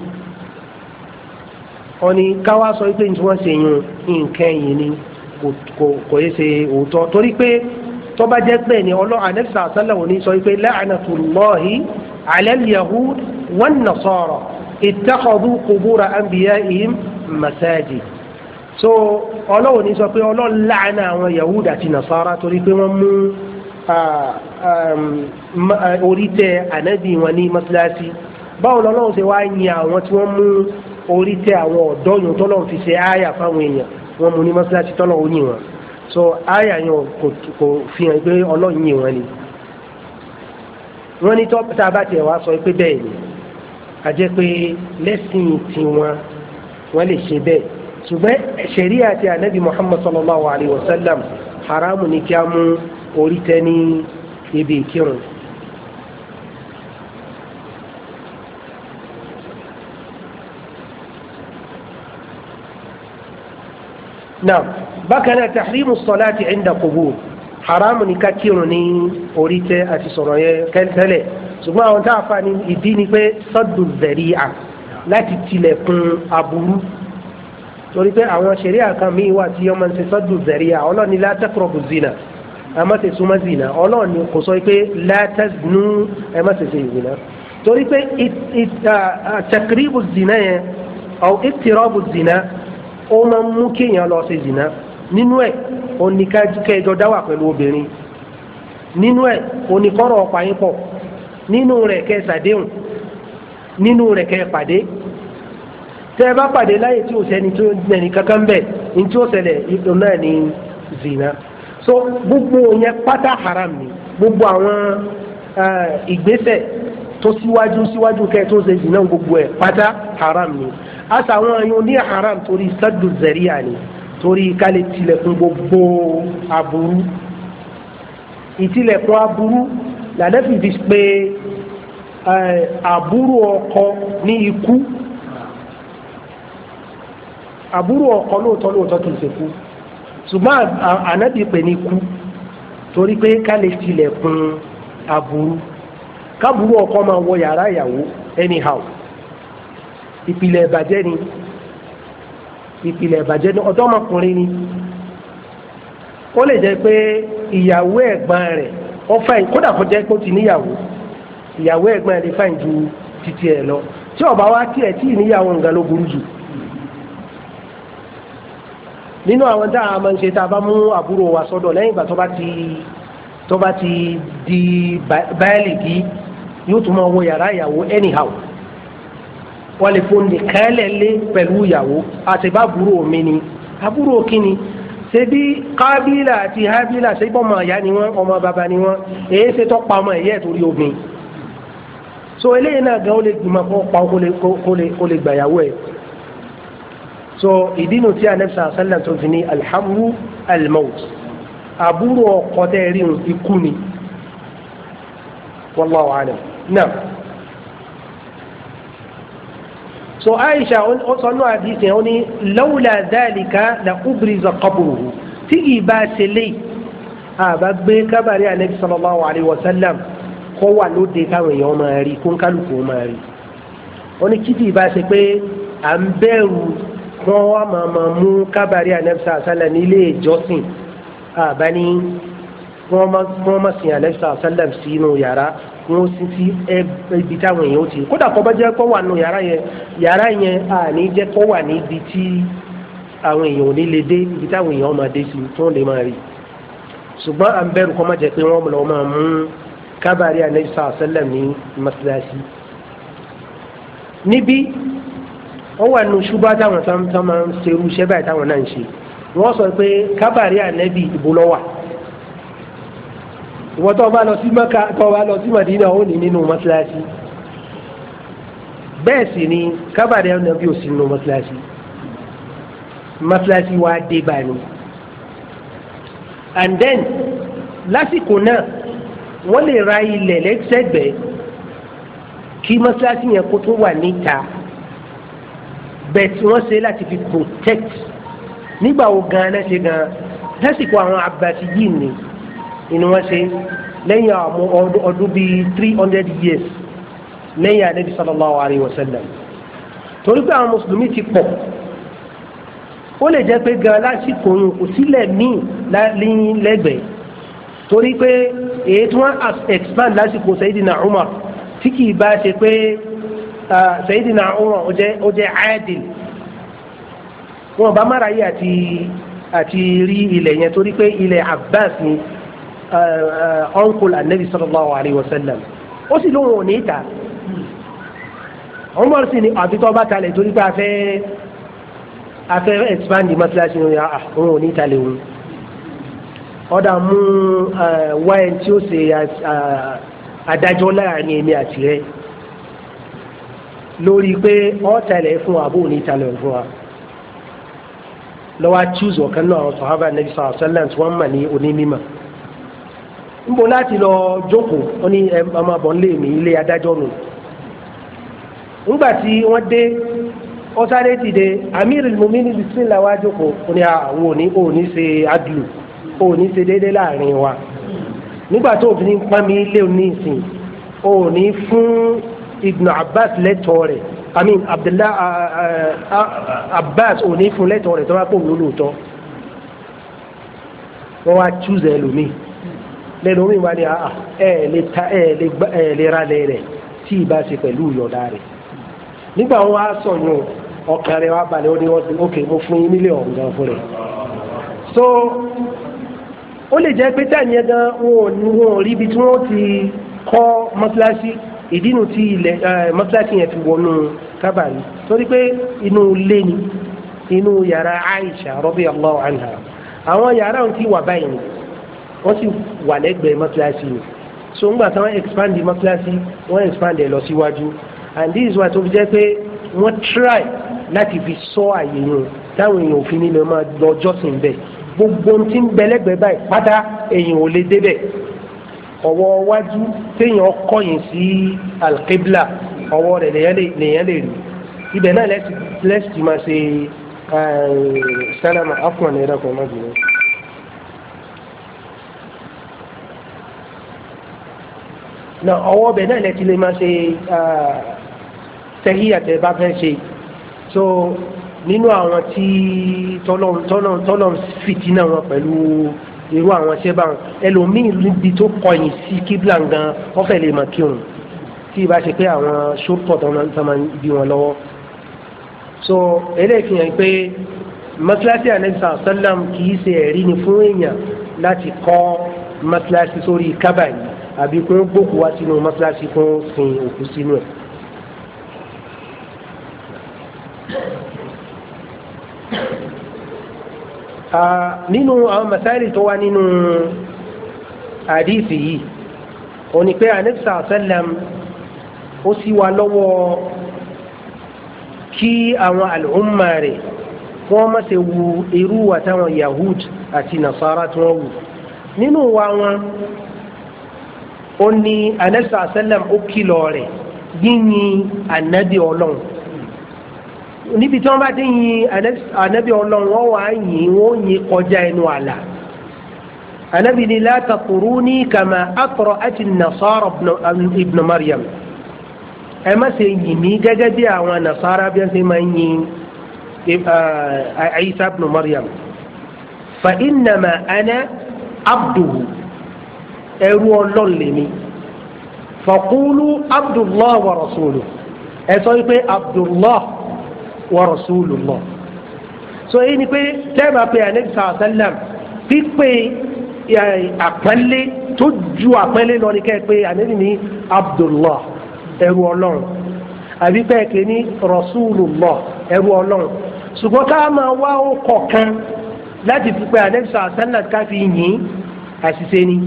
A: wọ́n ní káwá sọ pé tí wọ́n ṣe yun nǹkan ẹ̀yìn ni kò yẹ ṣe òótọ́ torí pé tọ́ba jẹ́ pé ni ọlọ́ anẹ́sà sálẹ̀ òní sọ pé la'anatullahi ala al-yahud wan-nasara ittakhadhu qubura anbiya'ihim masajid so ọlọ́wọ́ ní sọ pé ọlọ́run láàánú àwọn yahuda àti nasara torí pé wọ́n mú orí tẹ ànábì wọn ní mọ́sálásí báwo lọ́lọ́run ṣe wá yin àwọn tí wọ́n mú orí tẹ àwọn ọ̀dọ́ yòó tọ́lọ̀ fi ṣe àyà fáwọn èèyàn wọn mú ní mọ́sálásí tọ́lọ̀ ó wọn so àyà yẹn kò fi hàn pé ọlọ́run yìn wọn ni wọ́n ní tá a bá tiẹ̀ wá sọ pé bẹ́ẹ̀ ni a jẹ́ pé lẹ́sìn tiwọn wọ́n lè ṣe bẹ́ẹ̀ ṣùgbọ́n ṣẹ̀ríà ti ànábì Muhammad sallallahu alayhi wa sallam haramu ni kí a mú orí tẹ ní ibi ìkírun. náà bákan náà tahrimu salati inda qubur haramu ni ká kírun ní orí tẹ àti sọ̀rọ̀ yẹn tẹ́lẹ̀ ṣùgbọ́n àwọn tá a fa ni ìdí ni pé sọ́dù zẹ̀ríà láti tilẹ̀kùn aburú torí pé àwọn ṣẹ̀ríà kan míì wà tí wọ́n máa ń ṣe sọ́dù zẹ̀ríà ọlọ́run ni la taqrabu zina ẹ má ṣe súnmọ́ zina ọlọ́run kò sọ pé la ẹ má ṣe ṣe zina torí pé uh, uh, takribu zina yẹn ọ̀ iktirabu zina. ó máa ń mú kéèyàn lọ ṣe zìnà nínú ẹ̀ oníkẹ́jọ dáwà pẹ̀lú obìnrin nínú ẹ̀ oníkọ́rọ̀ ọ̀pá yín pọ̀ nínú rẹ̀ kẹ́ ṣàdéhùn nínú rẹ̀ pàdé tẹ́ ẹ bá pàdé láyè tí o sẹ́ni tó nẹ̀ni kankan ní tí so gbogbo yẹn pátá haram ni gbogbo àwọn ìgbésẹ̀ tó síwájú síwájú kẹ́ tó ṣe jìnnà gbogbo ẹ̀ pátá haram ni àtàwọn ẹ̀yọ́ ní haram torí sádù zẹ̀ríà ni torí kálí tilẹ̀kùn gbogbo aburú ìtilẹ̀kùn aburú làdẹ́fì fi pé àbúrò ọkọ ní ikú àbúrò ọkọ lóòótọ́ lóòótọ́ kì í ṣe kú ṣùgbọ́n ànábì pè ní ikú torí pé kálí tilẹ̀kùn aburú kábùrú ọkọ máa wọ yàrá ìyàwó anyhow ìpìlẹ̀ ìbàjẹ́ ni ìpìlẹ̀ ìbàjẹ́ ni ọ̀dọ́mọkùnrin ni ó lè jẹ́ pé ìyàwó ẹ̀gbọ́n rẹ̀ ó fẹ́ kódà kó jẹ́ pé ó ti níyàwó ìyàwó ẹ̀gbọ́n rẹ̀ fẹ́ ju títí ẹ̀ lọ tí ọba wa tiẹ̀ tí ìníyàwó nǹkan ló burú jù nínú àwọn tá a máa ń ṣe tá a bá mú àbúrò wa sọ́dọ̀ lẹ́yìn ìgbà tó bá ti tó bá ti di báyìlì kìí yóò tún máa wọ yàrá ìyàwó anyhow wọ́n lè fún ní kẹ́lẹ́lé pẹ̀lú ìyàwó àtẹ̀bá àbúrò mi ni àbúrò kíni ṣe bí kábílà àti hábílà ṣe bí ọmọ ìyá ni wọ́n ọmọ bàbá ni wọ́n èyí ṣe tó pa ọmọ ìyá torí obìnrin so eléyìí náà gan ó lè gbìmọ̀ kó pa ó kó lè gbàyàwó ẹ̀ so ìdí nu tí anabi sàn sálẹ̀ tó fi ní alhamdu almaut àbúrò ọkọ tẹ́ rí ikú ni wallahu alam náà so Aisha ó sọ nínú àdìsẹ́ ó ní lawla dhalika la ubriza qabruhu tí ìbá ṣe lé àbá gbé kábàárẹ̀ Ànábì sallallahu alayhi wa sallam kó wà lóde káwọn èèyàn máa rí kó ń kálukú máa rí ó ní kíkì ìbá ṣe pé à ń bẹ̀rù wọn wá máa máa mú kábàárẹ̀ Ànábì sallallahu nílé ìjọsìn àbá ní wọ́n má sin Ànábì sallallahu sínú yàrá wọn sì sí ibi táwọn èèyàn ti kódà kọ́ bá jẹ́ kọ́ wà nù yàrá yẹn yàrá yẹn àní jẹ́ kọ́ wà níbi tí àwọn èèyàn ò ní lè dé ibi táwọn èèyàn máa dé sí tó ń lè máa rí ṣùgbọ́n à ń bẹ̀rù kọ́ má jẹ́ pé wọ́n lọ máa mú kábàárí anabi sàlá ní mọ́sálásí. níbí wọ́n wà nù ṣùgbọ́n táwọn táwọn máa ń ṣerú iṣẹ́ báyìí táwọn náà ń ṣe wọ́n sọ pé kábàárí anabi ìbúlọ́wà ìwọ tó bá lọ sí mẹ́ka tó bá lọ sí mẹ́dínà ó ní nínú mọ́sálásí bẹ́ẹ̀ sì ni kábàdé ànábì ò sí nínú mọ́sálásí mọ́sálásí wa dé báyìí and then lásìkò náà wọ́n lè ra ilẹ̀ lẹ́sẹ̀gbẹ́ kí mọ́sálásí yẹn kó tó wà níta bẹ́ẹ̀ wọ́n ṣe láti fi protect nígbà wo gan-an ṣe gan lásìkò àwọn abasi yìí ni. inú wọn ṣe lẹ́yìn àwọn ọdún bíi three hundred years sallallahu alayhi wa sallam torí pé àwọn mùsùlùmí ti pọ̀ ó lè jẹ́ pé gan lásìkò yìí kò sílẹ̀ míì lẹ́gbẹ̀ẹ́ torí pé èyí tí wọ́n expand lásìkò sayidina umar tí kì bá ṣe pé sayidina umar ó jẹ́ adil wọn bá mara yìí àti àti rí ilẹ̀ yẹn torí pé abbas ni. Uh, uh, uncle anabi sallallahu alayhi wa sallam ó sì lóun ò ní ta àwọn mọ̀ọ́sí ni àbí tó bá talẹ̀ torí pé afẹ́ afẹ́ expand the matilasi ni àwọn ah, ah, ò ní talẹ̀ òun ọ̀dà mú uh, wáyé tí ó ṣe adájọ́ láàrin èmi àti rẹ̀ lórí pé ọ́ talẹ̀ fún wa àbó ò ní talẹ̀ fún wa lọ́wọ́ choose ọ̀kan náà sọ̀hábà nàbí sọ̀rọ̀ sẹ́lẹ̀ tí wọ́n mọ̀ ní onímọ̀ ń bo láti lọ jókòó wọn ní ẹ máa bọ̀ nílé mi ilé adájọ́ mi ńgbà tí wọ́n dé wọ́n sáré ti dé amir mumini bisimilá wa jókòó ó ní àwọn òní òní ṣe adùn òní ṣe déédéé láàrin wa nígbà tó obìnrin pa mí ilé onísìn òní fún ibn abbas lẹ́tọ̀ọ́ rẹ̀ amin abdullah abbas òní fún lẹ́tọ̀ọ́ rẹ̀ tó bá pò ń lò wá túzẹ̀ lómìn. lẹ́nu omi wa ni àà ah, ah, ẹ̀ lè ta ẹ̀ lè gba ẹ̀ lè ra lẹ̀ rẹ̀ tí ìbá ṣe pẹ̀lú ìyọ̀dá rẹ̀ nígbà wọn á sọ yún ọkàn rẹ̀ wá balẹ̀ ó ní ok mo fún yín nílé ọ̀hún gan fún so ó lè jẹ́ pé táyì gan wọn ò rí ibi tí wọ́n ti kọ́ mọ́tíláṣí ìdí tí ilẹ̀ mọ́tíláṣí yẹn fi wọnú kábàárì torí pé inú ilé ni inú yàrá Aisha radiyallahu anha àwọn yàrá òun ti wà báyìí wọ́n sì wà lẹ́gbẹ̀ẹ́ mọ́sálásí ni so ńgbà táwọn expand mọ́sálásí wọ́n expand ẹ̀ lọ síwájú and this is why tó fi jẹ́ pé wọ́n try láti fi sọ àyè wọn táwọn èèyàn òfin nílẹ̀ máa lọ jọ́sìn bẹ́ẹ̀ gbogbo ohun tí ń bẹ lẹ́gbẹ̀ẹ́ báyìí pátá èèyàn ò lè débẹ̀ ọwọ́ wájú téèyàn kọ̀yìn sí alqibla ọwọ́ rẹ̀ lèèyàn lè rí ibẹ̀ náà lẹ́sì máa ṣe sálámà afọ̀nà ẹ̀rọ kan náà jùlọ. na ọwọ́ bẹ̀ náà lẹ́tí lè máa ṣe tẹ́híyà tẹ́ bá fẹ́ ṣe so nínú àwọn tí tọ́lọ̀ fìtínà wọn pẹ̀lú irú àwọn ṣẹ́ báwọn ẹlòmíì níbi tó kọyìn sí kíbla gan ọ̀fẹ́ lè máa kírun tí ìbá ṣe pé àwọn ṣókọ̀ tó máa ń bí wọn lọ́wọ́ so eléyìí fi hàn pé mọ́sálásí anẹ́sà sálàm kì í ṣe ẹ̀rí ni fún èèyàn láti kọ́ mọ́sálásí sórí kábàáyì àbí kó gbókù wá sínú mọ́ṣáláṣí fún sin òkú sínú ẹ̀. nínú àwọn masáìlì tó wá nínú àdìsí yìí ó ní pé anisa sẹlẹm ó sì wá lọ́wọ́ kí àwọn àlùmọ́ rẹ̀ wọ́n má ṣe wu irú wa táwọn yahud àti nasara tí wọ́n wù nínú wa wọn ó ní anẹ́sà sẹ́lẹ̀m ó kìlọ̀ rẹ̀ yíyin ànábì ọlọ́run níbi tí wọ́n bá ti yin ànábì ọlọ́run wọ́n wá yin wọ́n yin kọjá ẹnu àlà ànábì ni látàkùrú ní kàmá àtọ̀rọ̀ àti nasara ibn Maryam ẹ má ṣe yìn mí gẹ́gẹ́ bí àwọn nasara bí wọ́n ṣe máa yin eh, Isa ibn Maryam fa innama ana abduhu ẹrú ọlọ́run lèmi faqulu abdullahi wa rasuluhu ẹ sọ wípé abdullahi wa rasulullah so èyí ni pé tẹ́ẹ̀mà pé anabi sàlám pípé àpẹ́lẹ́ tó ju àpẹ́lẹ́ lọ ni kẹ́ ẹ pé anabi ní abdullah ẹrú ọlọ́run àbí bẹ́ẹ̀ kì í ní rasulullah ẹrú ọlọ́run ṣùgbọ́n ká máa wá ó kọ̀ọ̀kan láti fi pé anabi sàlám ká fi yìn àṣìṣe ni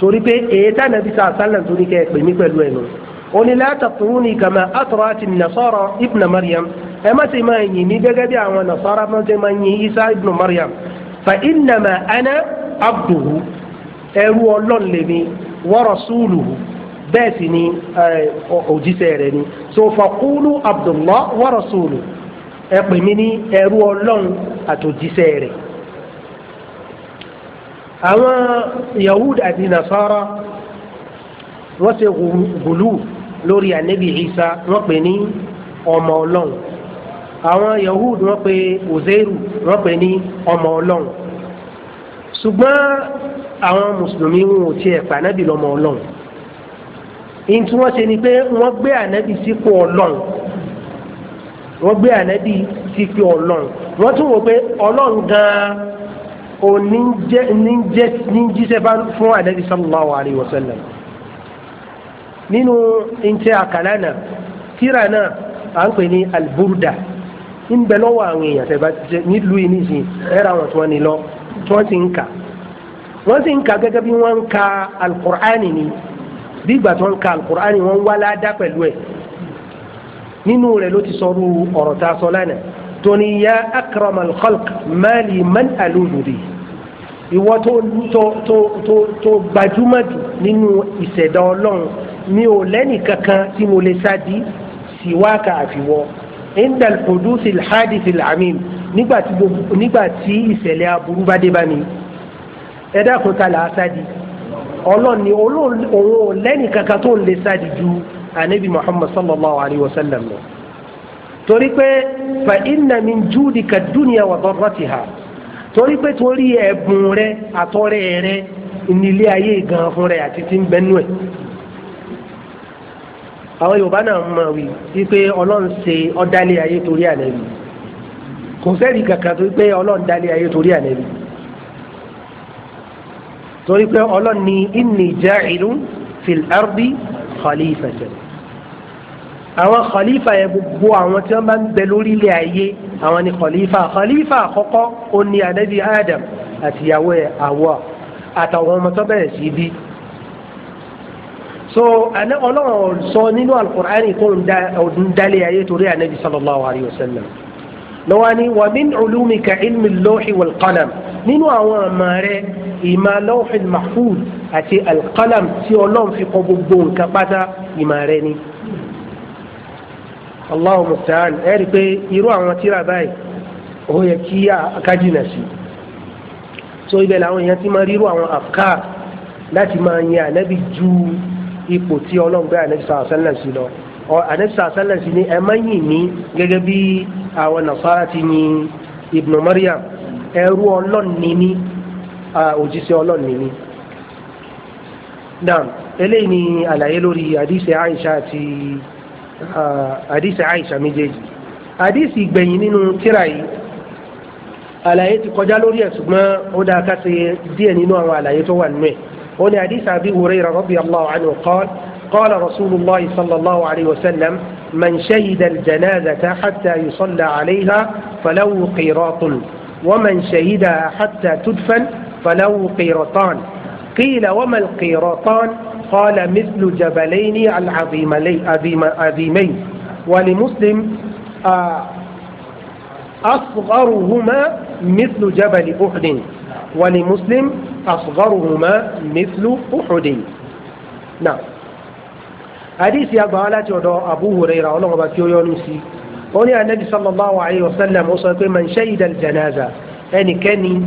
A: torí pé èyí tá nàbí sá sálẹ̀ torí kẹ́ ẹ pè mí pẹ̀lú ẹ̀nu onílẹ́tàkùnrin ni kàmá àtọ̀rọ̀tì nasọ́rọ̀ ibùnà mariam ẹ má sì máa yìn mí gẹ́gẹ́ bí àwọn nasọ́rọ̀ máa ṣe máa yìn isa ibùnà mariam fa ìnàmà ana abduhu ẹrú ọlọ́n lèmi wa rasuluhu bẹ́ẹ̀ sì ni òjíṣẹ́ rẹ̀ ni so faqulu abdullah wa rasuluhu ẹ pè mí ní ẹrú ọlọ́n àtòjíṣẹ́ rẹ̀ àwọn yahud àti nasara wọ́n ṣe gùlù lórí anabi isa wọ́n pè ní ọmọ ọlọ́run àwọn yahud wọ́n pè uzeiru wọ́n pè ní ọmọ ọlọ́run ṣùgbọ́n àwọn mùsùlùmí wọn ò tiẹ̀ pa anabi lọ́mọ ọlọ́run ìyẹn tí wọ́n ṣe ni pé wọ́n gbé anabi sípò ọlọ́run wọ́n gbé anabi sípò ọlọ́run wọ́n tún wò pé ọlọ́run gan o ní jẹ́ ní jíṣẹ́ fún ànábì sallallahu alayhi wa sallam nínú ntẹ́ àkàlà náà tíra náà à ń pè ní alburda ń bẹ lọ́wọ́ àwọn èèyàn tẹ̀bá nílùú yìí nìyí ẹ̀rọ àwọn tí wọ́n ní lọ tí wọ́n ti ń kà wọ́n sì ń kà gẹ́gẹ́ bí wọ́n ń ka alukur'ani ni bí ìgbà tí wọ́n ń ka alukur'ani wọ́n wá ládàá pẹ̀lú ẹ̀ nínú rẹ̀ ló ti sọ ọ̀rọ̀ tá a sọ lánàá tóní ya akramal khalq mali man alududi ìwọ tó gbajúmọ̀ jù nínú ìṣẹ̀dá ọlọ́run mi ò lẹ́nì kankan tí mo lè sádi síwáka àfiwọ́ indal kudusi alhadisi alhamim nígbà tí ìṣẹ̀lẹ̀ aburú bá dé bá mi ẹ dákun ta là á sádi ọlọ́run ni òun ò lẹ́nì kankan tó lè sádi ju anabi muhammad sallallahu alayhi wa sallam lọ torí pé fa inna min judika dunya wa darratiha torí pé torí ẹ̀bùn rẹ àtọ́rẹ́ rẹ nílé ayé gan fún rẹ àti tí ń bẹnu ẹ̀. àwọn yorùbá náà mọ̀ wí wípé ọlọ́run ṣe ọ̀dálẹ̀ ayé torí ànẹ́bí kò sẹ́ẹ̀lì kankan torí pé ọlọ́run dálẹ̀ ayé torí ànẹ́bí torí pé ọlọ́run ní inni ja'ilun fil ardi khalifatan àwọn khalifa yẹn gbogbo àwọn tí wọn bá ń bẹ lórí ilé ayé àwọn ni khalifa khalifa àkọ́kọ́ ó ní anabi adam àtìyàwó ẹ̀ Hawa àtàwọn ọmọ tó bẹ̀rẹ̀ sí bí. so ọlọ́run sọ nínú alukur'ani tó ń dálé ayé torí anabi sallallahu alayhi wa sallam lọ́wọ́ ni wa min ulumika ilmi lawhi wal qalam nínú àwọn àmà rẹ ìmà lawhi mahfuz àti alqalam tí ọlọ́run fi kọ gbogbo nǹkan pátá ìmà rẹ ni. Allahu musta'an ẹ rí i pé irú àwọn tíra báyìí ó yẹ kí akájìnà sí so ibẹ̀ làwọn èèyàn ti máa rí irú àwọn afkar láti máa yan ànábì ju ipò tí ọlọ́run gbé ànábì sàásánlẹ̀ sí lọ ànábì sàásánlẹ̀ sí ni ẹ má yìn mí gẹ́gẹ́ bí àwọn nàfàrà ti yin ibnu Maryam ẹrú ọlọ́ọ̀ni ní òjíṣẹ́ ọlọ́ọ̀ni ní. naam eléyìí ni àlàyé lórí àdìsẹ́ Aisha àti. àdìsí àìsà méjèèjì àdìsí ìgbẹ̀yìn nínú tíra yìí àlàyé ti kọjá lórí ẹ̀ ṣùgbọ́n ó dáa ká ṣe díẹ̀ nínú àwọn àlàyé tó wà nínú ẹ̀ ó ní àdìsí Abi Hurairah radiyallahu anhu qala qala Rasulullah sallallahu alayhi wa sallam man shahida al-janazata hatta yusalla alayha falahu qiratun ومن شهدها حتى تدفن فله قيرطان قيل وما القيرطان قال مثل جبلين العظيمين ولمسلم أصغرهما مثل جبل أحد ولمسلم أصغرهما مثل أحد نعم حديث يا بعلات أبو هريرة ولو بكيو يونسي وني النبي صلى الله عليه وسلم وصف من شهد الجنازة يعني كني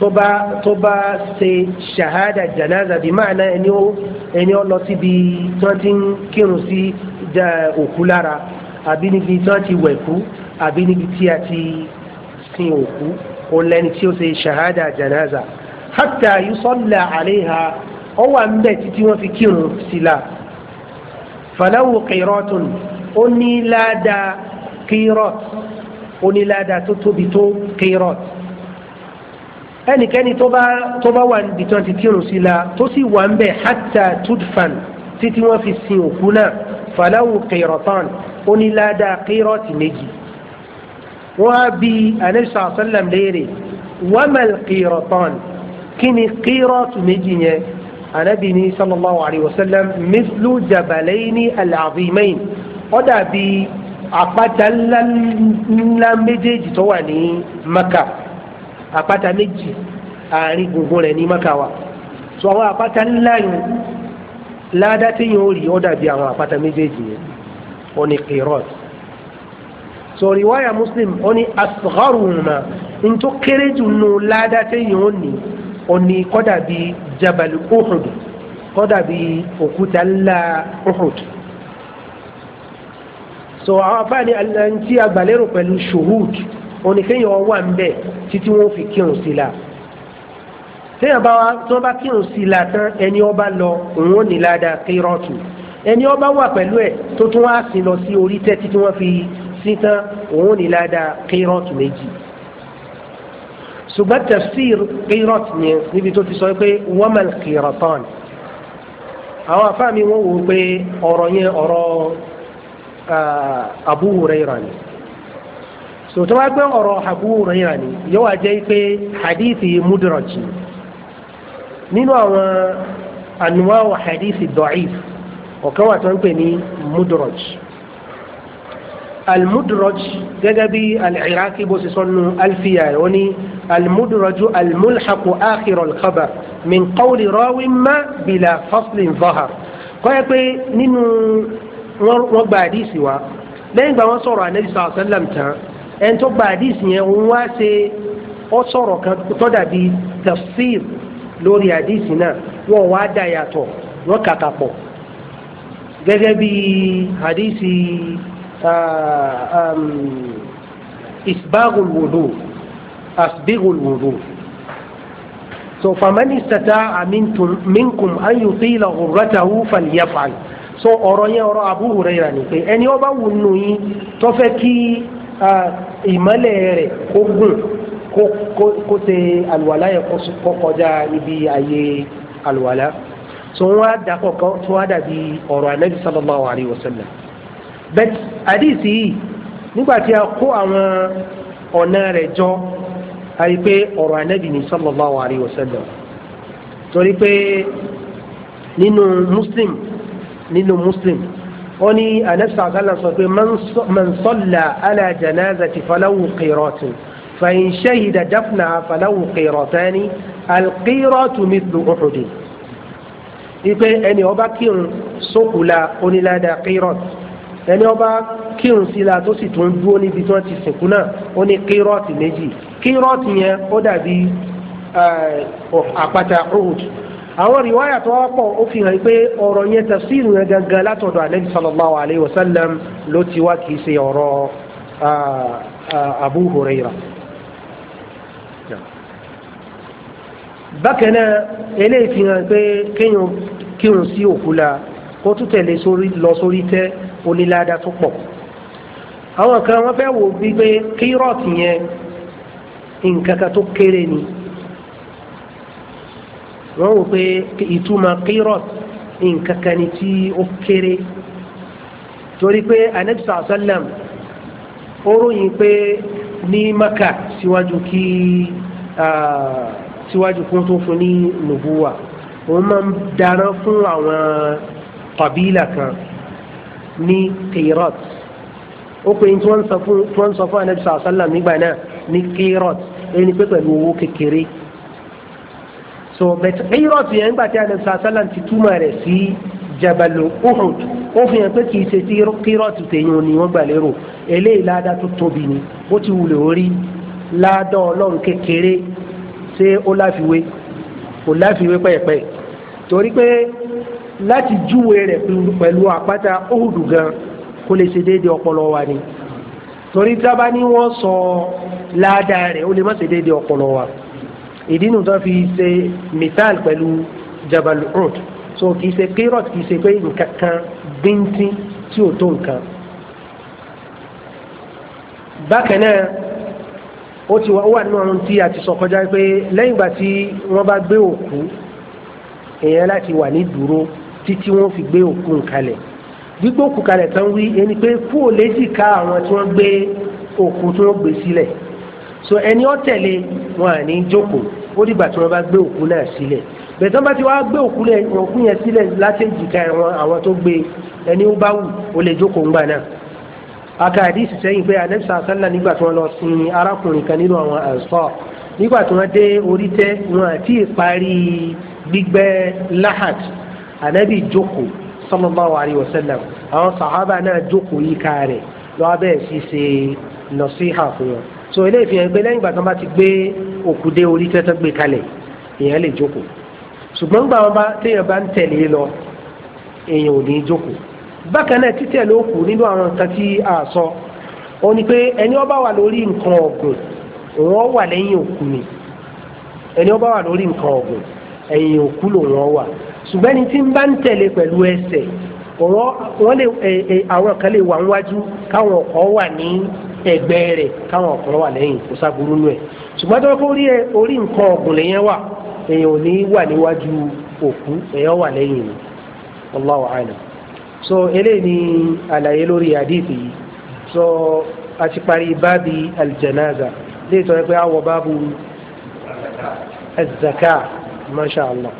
A: tó bá tó bá ṣe ṣahada janaza bí maana ẹni ó ẹni ó lọ síbi tí wọ́n ti ń kírun sí òkú lára àbí níbi tí wọ́n ti wẹ̀kú àbí níbi tí a ti sin òkú ó lẹ́ni tí ó ṣe ṣahada janaza hatta yusalla alayha ó wà ń bẹ̀ títí wọ́n fi kírun sí la falahu qiratun ó ní ládàá qirat ó ní ládàá tó tóbi tó qirat ẹnikẹ́ni tó bá wà níbi tí wọ́n ti kírun sí la tó sì wà ń bẹ̀ hatta tudfan títí wọ́n fi sin òkú náà falahu qiratan ó ní ládàá qirati méjì. wọ́n á bi anisa sallam léèrè wamal qiratan kí ni qiratu méjì yẹn anabi ni sallallahu alayhi wa sallam mislu jabalayni al ó dàbí àpáta ńlá méjèèjì tó wà ní maka àpáta méjì àárín gbùngbùn rẹ̀ ní maka wa so àwọn àpáta ńlá yìí ládá tí yìí ó rí ó dàbí àwọn àpáta méjèèjì yẹn ó ní qirot so riwaya muslim ó ní asgharuhuma n tó kéré jù nù ládá tí yìí ó ní ó ní kọ́dà bí jabal uhud kọ́dà bí òkúta ńlá uhud so àwọn afáàní àlàntí àgbàlérò pẹ̀lú shuhud oníkéèyàn wà ń bẹ títí wọn fi kírun sí la téèyàn bá wa tí wọn bá kírun sí la tán ẹni ọba lọ òun ò ní ládàá kírọọtù ẹni ọba wà pẹ̀lú ẹ̀ tó tún wá sí lọ sí orí tẹ́ títí wọn fi sí tán òun ò ní ládàá kírọọtù méjì ṣùgbọ́n tafsir kírọọtù yẹn níbi tó ti sọ pé wọ́n máa kírọ̀tàn àwọn afáàmì wọn wò ó pé ọ̀rọ̀ yẹn ọ̀rọ̀ ah, Abu Hurairah ni sòtò wá gbé ọ̀rọ̀ Abu Hurairah ni yóò wá jẹ́ pé hadithi mudraji nínú àwọn ànúwà wà hadithi da'if ọ̀kan wà tó ń pè ní mudraj المدرج جدبي العراقي بوسسون ألفيا وني المدرج الملحق آخر الخبر من قول راو ما بلا فصل ظهر كوي بي نينو وبعدي سوا لين بما صور النبي صلى الله عليه وسلم تا ẹni tó gba àdìsí yẹn òun wá ṣe ọ sọ̀rọ̀ kan tó dàbí tafsir lórí àdìsí náà wọ́n wá dà yàtọ̀ wọ́n kàkà pọ̀ gẹ́gẹ́ bí àdìsí ah, um, isbagul wudu asbigul wudu. So faman istata'a minkum minkum an yutila ghurratahu falyaf'al so ọ̀rọ̀ yẹn ọ̀rọ̀ Abu Hurairah ni pé ẹni ó wù nù yín tó fẹ́ kí ìmọ́lẹ̀ rẹ̀ kó gùn kó ṣe àlùwàlá yẹn kó kọjá ibi ààyè àlùwàlá tó wọ́n á dà kọ̀kọ́ tó wá dàbí ọ̀rọ̀ ànábì sallallahu alayhi wa sallam bẹ́ẹ̀ àdìsí yìí nígbà tí a kó àwọn ọ̀nà rẹ̀ jọ àyè pé ọ̀rọ̀ ànábì ní sallallahu alayhi wa sallam torí pé nínú muslim nínú muslim wọ́n ní anẹ́sà sálà sọ pé mọ̀nsọ́là alájànáza ti faláwù kìrọ̀tù fàyín ṣẹ́yìdà dáfnà faláwù kìrọ̀tání alkìrọ̀tù mithlu uhudi. ipe ẹni ọba kírun sókùlà onílàdà kìrọ̀tù ẹni ọba kírun síla tó sì tún dúró níbi tí wọ́n ti sìnkú náà ó ní kìrọ̀tù méjì kìrọ̀tù yẹn ó dàbí àpáta uhud àwọn rìwáyà tó wọ́pọ̀ ó fi hàn pé ọ̀rọ̀ yẹn tafsir yẹn gangan látọ̀dọ̀ anabi sallallahu alayhi wa sallam ló ti wá kìí ṣe ọ̀rọ̀ abu huraira. bákan náà eléyìí fi hàn pé kéèyàn kírun sí òkú la kó tún tẹ̀lé lọ sórí tẹ́ onílàádá tó pọ̀. àwọn kan wọ́n fẹ́ wò bí pé kírọ̀tì yẹn nǹkan kan tó kéré ni wọ́n wò pé ìtumọ̀ kírọ̀t nǹkan kan ni tí ó kéré torí pé anabisa asalam ó ròyìn pé ní maka síwájú kí síwájú kún tó fún ní nùbúwà òun máa ń dáná fún àwọn kabila kan ní kírọ̀t ó pè ní tí wọ́n sọ fún anabisa asalam nígbà náà ní kírọ̀t ẹni pé pẹ̀lú owó kékeré so bẹ̀tẹ̀ hírọ̀ ti yẹn nígbà tí a lè sọ asálàm ti túmọ̀ rẹ̀ sí jabalu uhud ó fi hàn pé kì í ṣe tí hírọ̀ ti tẹ̀yìn ni wọ́n gbà lérò eléyìí ládàá tó tóbi ni ó ti wulẹ̀ orí ládàá ọlọ́run kékeré ṣé ó láfiwé ó láfiwé pẹ́ẹ́pẹ́ torí pé láti júwe rẹ̀ pẹ̀lú àpáta uhud gan kó lè ṣe déédéé ọpọlọ wa ni torí tábà ni wọ́n sọ ládàá rẹ̀ ó lè má ṣe déédéé ọpọlọ wa ìdí nu tó fi ṣe mìtáàlì pẹ̀lú jabal uhud so kì í ṣe kirot kì í ṣe pé nǹkan kan bíntín tí ò tó nǹkan bákan náà ó ti wà nínú ohun tí a ti sọ kọjá pé lẹ́yìn ìgbà tí wọ́n bá gbé òkú èèyàn láti wà ní dúró títí wọ́n fi gbé òkú nkalẹ̀ gbígbó òkú kalẹ̀ tán wí ẹni pé kú ò léjìká àwọn tí wọ́n gbé òkú tí wọ́n gbé sílẹ̀. Si so ẹni ọ tẹ̀lé wọn à ní jókòó ó dìgbà tí wọ́n bá gbé òkú náà sílẹ̀ bẹ̀tẹ́ wọ́n bá ti wá gbé òkú òkú yẹn sílẹ̀ láti èjìká ẹ̀wọ̀n àwọn tó gbé ẹni ó bá wù ó lè jókòó ńgbà náà aka àdìsí sẹ́yìn pé anẹ́sà sálà nígbà tí wọ́n lọ sin arákùnrin kan nínú àwọn àǹsọ́ nígbà tí wọ́n dé orí tẹ́ wọn àti ìparí gbígbẹ́ lahat ànábì joko sallallahu alayhi wa sallam àwọn sàhábà náà jókòó yíká rẹ̀ lọ́wọ́ bẹ́ẹ̀ sì ṣe nasiha fún wọn so eléyìí fi hàn pé lẹ́yìn ìgbà tí wọ́n bá ti gbé òkú dé orí tẹ́tẹ́ gbé kalẹ̀ èèyàn lè jókòó ṣùgbọ́n gbà wọn bá téèyàn bá ń tẹ̀lé e lọ èèyàn ò ní jókòó bákan náà títẹ̀lé òkú nínú àwọn nǹkan tí a sọ ó ní pé ẹni ó bá wà lórí nǹkan ọ̀gùn òun wà lẹ́yìn òkú ni ẹni ó wà lórí nǹkan ọ̀gùn ẹ̀yìn òkú lòun wà ṣùgbọ́n ẹni tí ń bá ń tẹ̀lé pẹ̀lú ẹsẹ̀ àwọn kan lè wà níwájú káwọn ọkọ̀ wà ní ẹgbẹ́ rẹ̀ káwọn ọ̀kan wà lẹ́yìn kò sábúrú nù ẹ̀ ṣùgbọ́n tó orí nǹkan ọ̀gùn wà èyàn ò ní wà níwájú òkú wà lẹ́yìn ni Allahu a'lam so eléyìí ni àlàyé lórí àdìsí yìí so a ti parí báàbí aljanaza léyìí tó yẹ pé àwọ̀ báàbù azaka masha Allah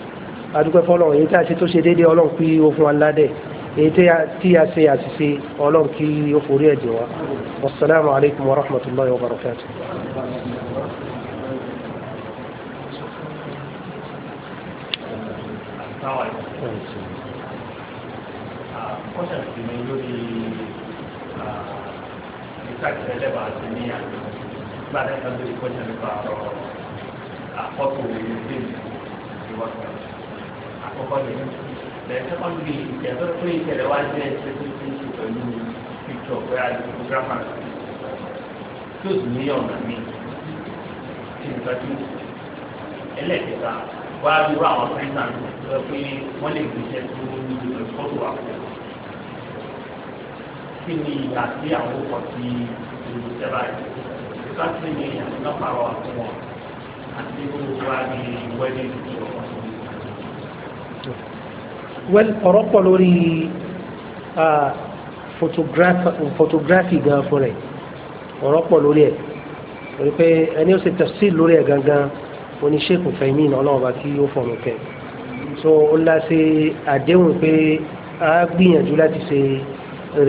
A: adúpẹ́ fọlọ́run èyí tá a ṣe tó ṣe déédéé ọlọ́run pé èyí tí a ṣe àṣìṣe ọlọ́run kí ó forí ẹ̀jẹ̀ wa wasalaamu alaykum wa rahmatulahi wa barakatuh.
B: kọ́sẹ̀ sì ni lórí ìtàkì ẹlẹ́bàá àti ní àná nígbà tí bẹ̀rẹ̀ sẹ́kọ́ndì ìjẹ́fẹ́ fún ìṣẹ̀lẹ̀ wá jẹ́ ẹ̀ṣẹ́ tó ti ń ṣe pẹ̀lú píktọ̀ pé a lè fi gírámà sì ní ọ̀nà mi ti ń tọ́jú ẹlẹ́ẹ̀kẹta wá wíwá àwọn pẹ́ńtà lọ pé wọ́n lè fi iṣẹ́ tó ń lò fọ́tò àpò kí ni ìgbà tí àwọn ọkọ̀ ti lò sẹ́bà yìí láti ní ìyàtọ̀ náà pàrọ̀ àtúwọ̀n àti gbogbo wa ní ìwẹ́lẹ́
A: well ọ̀rọ̀ pọ̀ lórí photography gan fún rẹ̀ ọ̀rọ̀ pọ̀ lórí ẹ̀ torí pé ẹni ó ṣe tafsir lórí ẹ̀ gangan oníṣègùn Uthaymin náà ọlọ́run bá tí ó fọ̀rọ̀ kẹ́ so ó la ṣe àdéhùn pé a gbìyànjú láti ṣe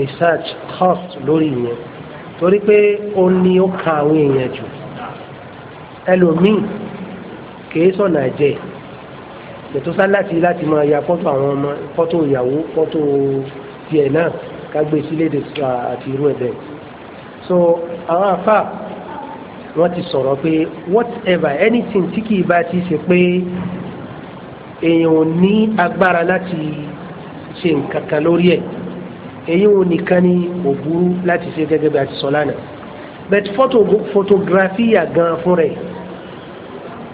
A: research cost lórí ìyẹn torí pé ó ní ó ka àwọn èèyàn jù ẹlòmíì kìí sọ̀nà jẹ́ ẹ̀ ètò sáláàtì láti máa ya fọ́tò àwọn ọmọ fọ́tò ìyàwó fọ́tò tiẹ̀ náà kágbé sílédè àti irú ẹ̀ so àwọn afa wọ́n ti sọ̀rọ̀ pé whatever anything tí kì í bá ti ṣe pé èèyàn ò ní agbára láti ṣe nǹkan kan lórí ẹ̀ èyí ò nìkan ni kò láti ṣe gẹ́gẹ́ bí a ti sọ lánàá but photo photography gan fún rẹ̀.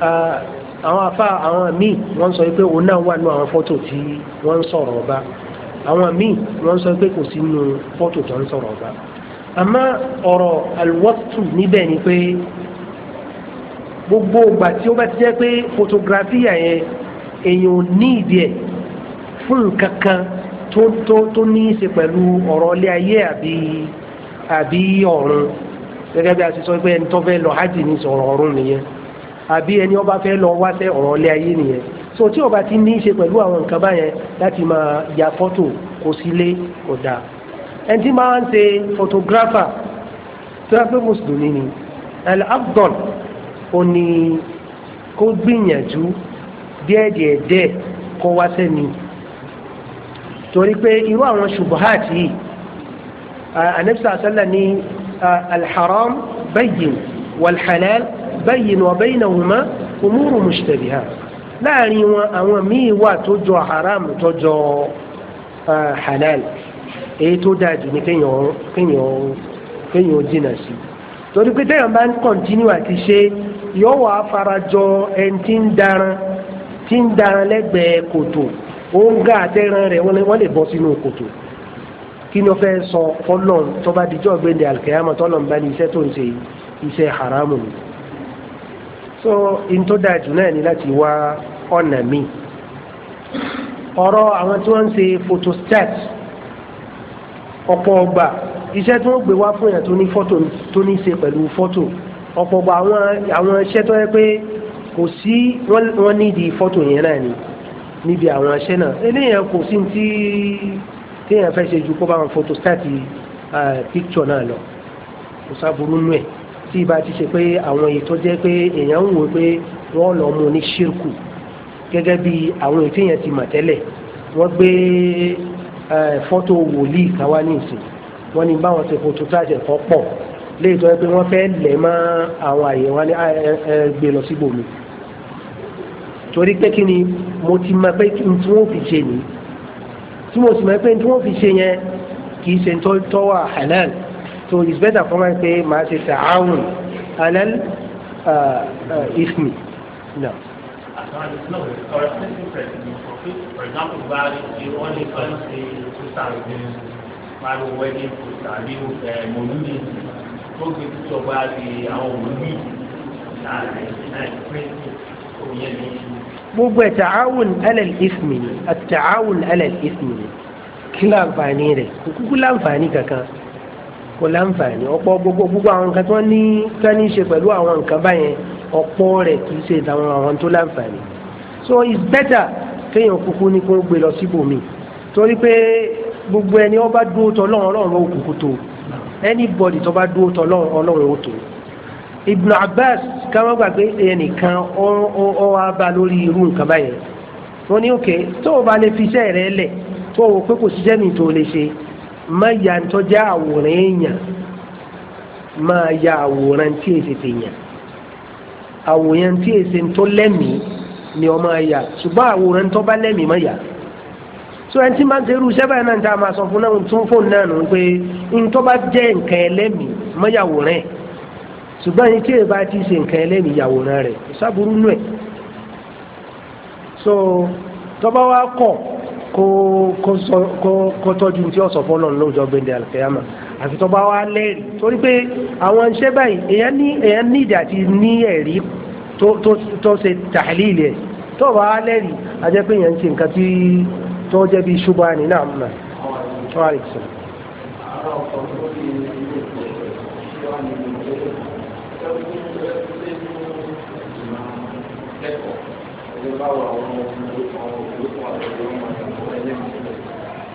A: Uh, àwọn afa àwọn míì wọ́n sọ pé òun náà wà nínú àwọn fọ́tò tí wọ́n ń ọba àwọn míì wọ́n sọ pé kò sí nínú fọ́tò tó ń sọ̀rọ̀ ọba àmọ́ ọ̀rọ̀ alwọ́tù níbẹ̀ ni pé gbogbo ìgbà tí ó bá ti jẹ́ pé fotografíà yẹn èèyàn ò ní ìdí ẹ̀ fún nǹkan tó tó tó ní í ṣe pẹ̀lú ọ̀rọ̀ ilé ayé àbí àbí ọ̀run gẹ́gẹ́ bí a ti sọ pé ẹni tó fẹ́ lọ hajj ní sọ̀rọ̀ ọ̀run nìyẹn àbí ẹni ọba fẹ́ lọ wáṣẹ́ ọ̀rọ̀ ilé ayé nìyẹn so tí ọba ti ní í ṣe pẹ̀lú àwọn nǹkan báyẹn láti máa ya fọ́tò kó sílé kò dáa ẹni tí máa ń ṣe photographer tí wọ́n ni al-afdal ó ní kó gbìyànjú díẹ̀díẹ̀díẹ̀ kó wáṣẹ́ ni torí pé irú àwọn ṣubuhat yìí anabisa asala ni alḥaram bayyin walḥalal bayyin wa baynahuma umuru mushtabiha láàrin wọn àwọn míì wà tó jọ haram tó jọ halal èyí tó dáa jù ní kéèyàn jìnnà sí torí pé téèyàn bá ń kọ̀ntínú àti ṣe yóò wá farajọ ẹni tí ń daran tí ń daran lẹ́gbẹ̀ẹ́ kòtò òǹgà àtẹ̀ràn rẹ̀ wọ́n lè bọ́ sínú kòtò kí ni wọ́n fẹ́ sọ fọlọ́n tó bá dijọ́ gbẹ̀ndẹ̀ alkèyàmọ̀ bá ní iṣẹ́ tó ń ṣe iṣẹ́ haramu ni so in tó dáa jù náà ni láti wá ọ̀nà mi, ọ̀rọ̀ àwọn tí wọ́n ń ṣe photostat ọ̀pọ̀ ọgbà iṣẹ́ tí wọ́n gbé wá fún yàn tó ní fọ́tò tó ní ṣe pẹ̀lú fọ́tò ọ̀pọ̀ ọgbà àwọn àwọn iṣẹ́ tó yẹ pé kò sí wọ́n nídìí fọ́tò yẹn náà ni níbi àwọn iṣẹ́ náà eléyàn kò sí tí téèyàn fẹ́ ṣe ju kó bá wọn photostat eh, picture náà lọ kò sábúrú nú ẹ̀ tí ibà ti ṣe pé àwọn èyí tó jẹ́ pé èèyàn ń wò pé wọ́n lọ mú ní ṣírkù gẹ́gẹ́ bí àwọn èyí téèyàn ti mọ̀ tẹ́lẹ̀ wọ́n gbé fọ́tò wòlíì kan wá ní ìsìn wọ́n ní báwọn ti foto táàjẹ̀ kan pọ̀ léètò ẹ pé wọ́n fẹ́ lẹ̀ mọ́ àwọn àyè wọn ní gbé lọ síbòmí torí pé kí ni mo ti mọ̀ pé kí n tí wọ́n fi ṣe nìyí tí mo sì mọ̀ pé n tí wọ́n fi ṣe yẹn kì í ṣe tọ́wọ́ halal so it's better kọ́ máa say pé màá ṣe ta'awun alal uh, uh, ismi náà.
B: For example, while the only country to start with, while
A: gbogbo ta'awun alal ismi ni ta'awun alal ismi ni kí láǹfààní rẹ̀ kúkú láǹfààní kankan kò láǹfààní ọ̀pọ̀ gbogbo gbogbo àwọn nǹkan tí wọ́n ní ká ní ṣe pẹ̀lú àwọn nǹkan báyẹn ọ̀pọ̀ rẹ̀ kì í ṣe ìtàwọn àwọn tó láǹfààní so it's better kéèyàn kúkú ní kó gbé lọ síbòmí torí pé gbogbo ẹni ó bá dúró tọ lọ́run ọlọ́run ó kúkú tó anybody tó bá dúró tọ lọ́run ọlọ́run ó tó Ibn Abbas káwọn gbàgbé ẹnìkan ọ wá bá lórí irú nǹkan báyẹn wọ́n ní òkè tó o bá lè fi iṣẹ́ rẹ lẹ̀ tó o pé kò síṣẹ́ mi tó o lè ṣe má ya ntọ́já àwòrán èèyàn máa ya àwòrán tí èsì tèèyàn àwòrán tí èsì tó lẹ́mìí ni ọ máa ya ṣùgbọ́n àwòrán tó bá lẹ́mìí má ya tó ẹni tí máa ń serú iṣẹ́ báyìí náà ń ta máa sọ fún náà tún fóònù náà nù pé ntọ́ bá jẹ́ nǹkan ẹlẹ́mìí má ya àwòrán ẹ̀ ṣùgbọ́n ẹni tí èèyàn ti ṣe nǹkan ẹlẹ́mìí ya àwòrán rẹ̀ ṣàbùrú nù ẹ̀ so tọ́ba wa kó tọ́jú tí ọ̀sọ̀ fọ́lọ̀ lọ́jọ́ gbẹ̀ndẹ̀ àlùkẹ́yàmà àfi tó bá wá lẹ́rìí torí pé àwọn iṣẹ́ báyìí èèyàn ní ìdí àti ní ẹ̀rí tó ṣe tàhálìlì ẹ̀ tó bá wá lẹ́rìí a jẹ́ pé èèyàn ń ṣe nǹkan tí tó jẹ́ bí ṣubú àní náà mọ̀ ọ́ àlèkùsọ̀.
B: Thank you.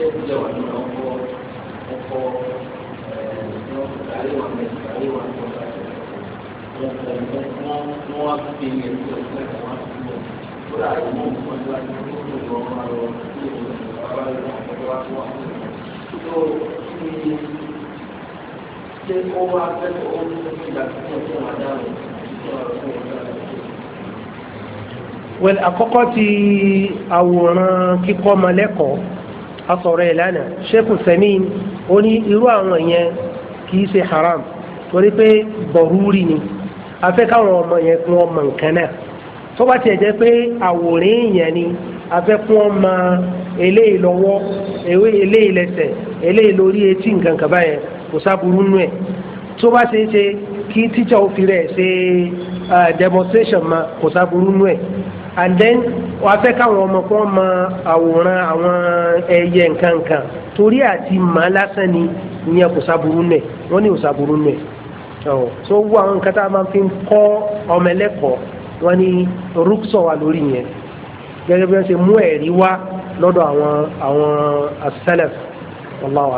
B: jẹ́ wà ní ọkọ ọkọ ẹ̀ẹ́dẹ́gbẹ̀rẹ́ wà ní ìgbàlẹ́ wà ní ọ̀gá wọ́n wá fi ní ẹ̀sìn ọ̀sẹ̀ kan wá sí ọ̀ lórí àwọn ọmọ ọmọ ìgbà tí wọ́n tó lọ ọmọ lọ sí ìlú bàbá rẹ̀ náà ọ̀gá wá tó wá sí ọ̀ tó ní ṣé ó wá fẹ́ ó ń gbà tí wọ́n tó wà dáhùn
A: wẹ́n àkọ́kọ́ ti àwòrán kíkọ́ ọmọ lẹ́kọ̀ọ́ asọ̀rọ̀ ẹ̀ lánàá sheikh samin ó ní irú àwọn yẹn kì í ṣe haram torí pé bọ̀rúurì ni afẹ́ káwọn ọmọ yẹn kún ọmọ nǹkan náà tó bá tiẹ̀ jẹ́ pé àwòrán èèyàn ni afẹ́ kún ọmọ eléyìí lọ́wọ́ eléyìí lẹ́sẹ̀ eléyìí lórí etí nǹkan kaba yẹn kò sábúrú nù ẹ̀ tó bá ṣe é ṣe kí tíjà ó fi rẹ̀ ṣe eh, demonstration ma kò sábúrú nù ẹ̀ and then wàá fẹ́ káwọn ọmọ kan mọ àwòrán àwọn ẹyẹ nkankan torí àti màá lásán ni ìyẹn kò sábúrú nẹ̀ wọ́n ní kò sábúrú nẹ̀ ọ̀ tó wú àwọn nǹkan tá a máa fi ń kọ́ ọmọ ẹlẹ́kọ̀ọ́ wọ́n ní rúkṣọ̀ wà lórí yẹn gẹ́gẹ́ bí wọ́n ṣe mú ẹ̀rí wá lọ́dọ̀ àwọn àwọn as-salaf wallahu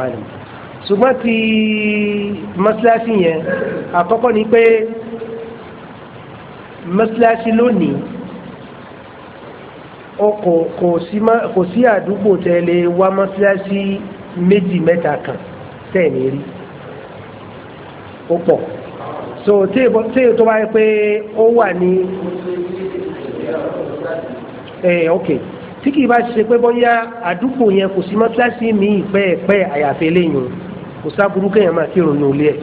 A: ṣùgbọ́n ti mọ́síláṣí yẹn àkọ́kọ́ ni pé mọ́síláṣí lónìí kò sí àdúgbò tẹ́lẹ̀ wá mọ́síláṣí méjì mẹ́ta kan tẹ́ẹ̀mí rí ó pọ̀ so tí tó bá yẹ pé ó wà ní ẹ̀ eh, ok tí kì í bá ṣe pé bóyá àdúgbò yẹn kò sí mọ́síláṣí míì pẹ́ẹ̀pẹ́ àyàfi eléyìí kò sáburú kéèyàn máa kírun ní olé ẹ̀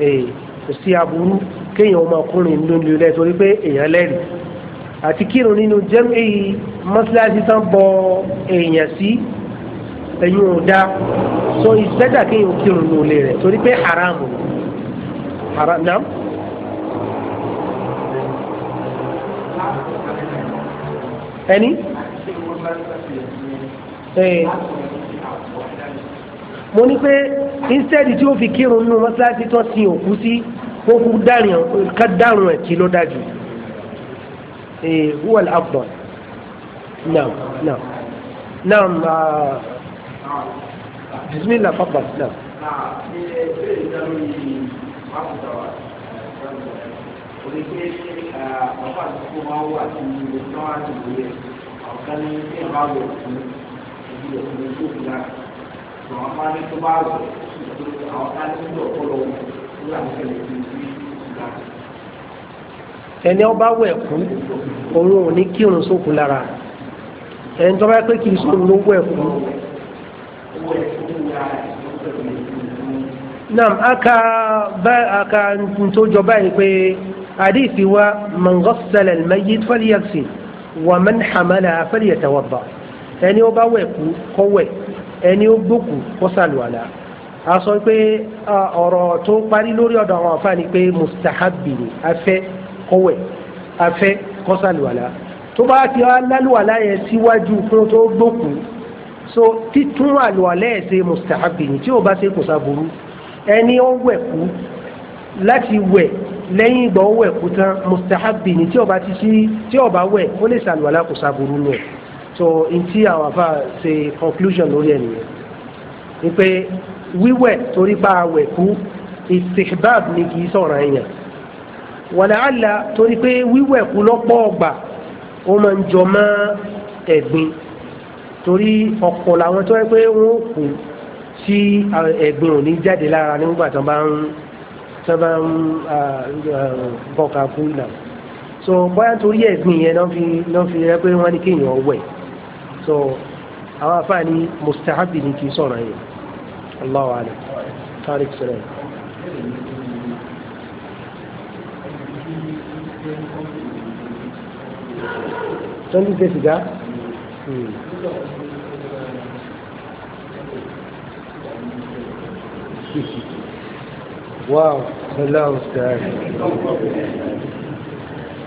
A: eh, kò sí aburú kéèyàn máa kúrin ní olé torí pé èèyàn lẹ́rìí àti kírun nínú jẹ́mìí mọ́sálásí tán bọ èèyàn sí ẹ̀yin ò so ìṣẹ́jà kéèyàn kírun nínú ilé rẹ̀ torí pé haram haram naam. ẹni. mo ní pé instead tí ó fi kírun nínú mọ́sálásí tó sin òkú sí kó kú ẹ̀ kí ló dájú. إيه، هو الأفضل نعم نعم نعم آه، بسم الله تفضل نعم Thank نعم. you. ẹni ọba wẹ̀ kú òun ò ní kírun sókun lára ẹni tó bá pé kì í sókun ló wẹ̀ kú. nam aka bá aka tó jọ báyìí pé àdìsí wa man ghassala al-mayyit falyaghsil wa man hamala falyatawadda ẹni ọba wẹ̀ kú kó ẹni ó gbókù kó a sọ pé ọ̀rọ̀ tó parí lórí ọ̀dọ̀ àwọn àfáà pé mustahabbi ni kọ́wẹ̀ afẹ́ kọ́sàlùwàlà tó bá ti wá lálùwàlà yẹn síwájú fún tó gbókùn so títún àlùwàlà ẹ̀ ṣe mustahabi ni tí o bá ṣe kò sáburú ẹni ó wẹ̀ kú láti wẹ̀ lẹ́yìn ìgbà ó wẹ̀ kú tán mustahabi ni tí o bá ti ṣí tí o bá wẹ̀ ó lè ṣàlùwàlà kò sáburú nù ẹ̀ so ntí àwọn afa ṣe conclusion lórí ẹ̀ nìyẹn ni pé wíwẹ̀ torí bá a wẹ̀ kú istihbab ni kì í sọ̀rọ̀ ẹ̀yàn wàlàhálà torí pé wíwẹ̀kú lọ́pọ̀ ọgbà ó máa ń jọ mọ́ ẹ̀gbin torí ọ̀pọ̀ làwọn tó yẹ pé wọ́n kú tí ẹ̀gbin ò ní jáde lára nígbà tó bá ń tó bá ń bọ̀ka kú ìlà so bóyá torí ẹ̀gbin yẹn náà fi náà fi rẹ pé wọ́n ní kéèyàn wẹ̀ so àwọn afáàní mustahabi ni kì í sọ̀rọ̀ yẹn Allahu alam tariq sọ̀rọ̀ yẹn. tó ń ṣe sìgá. واو الله المستعان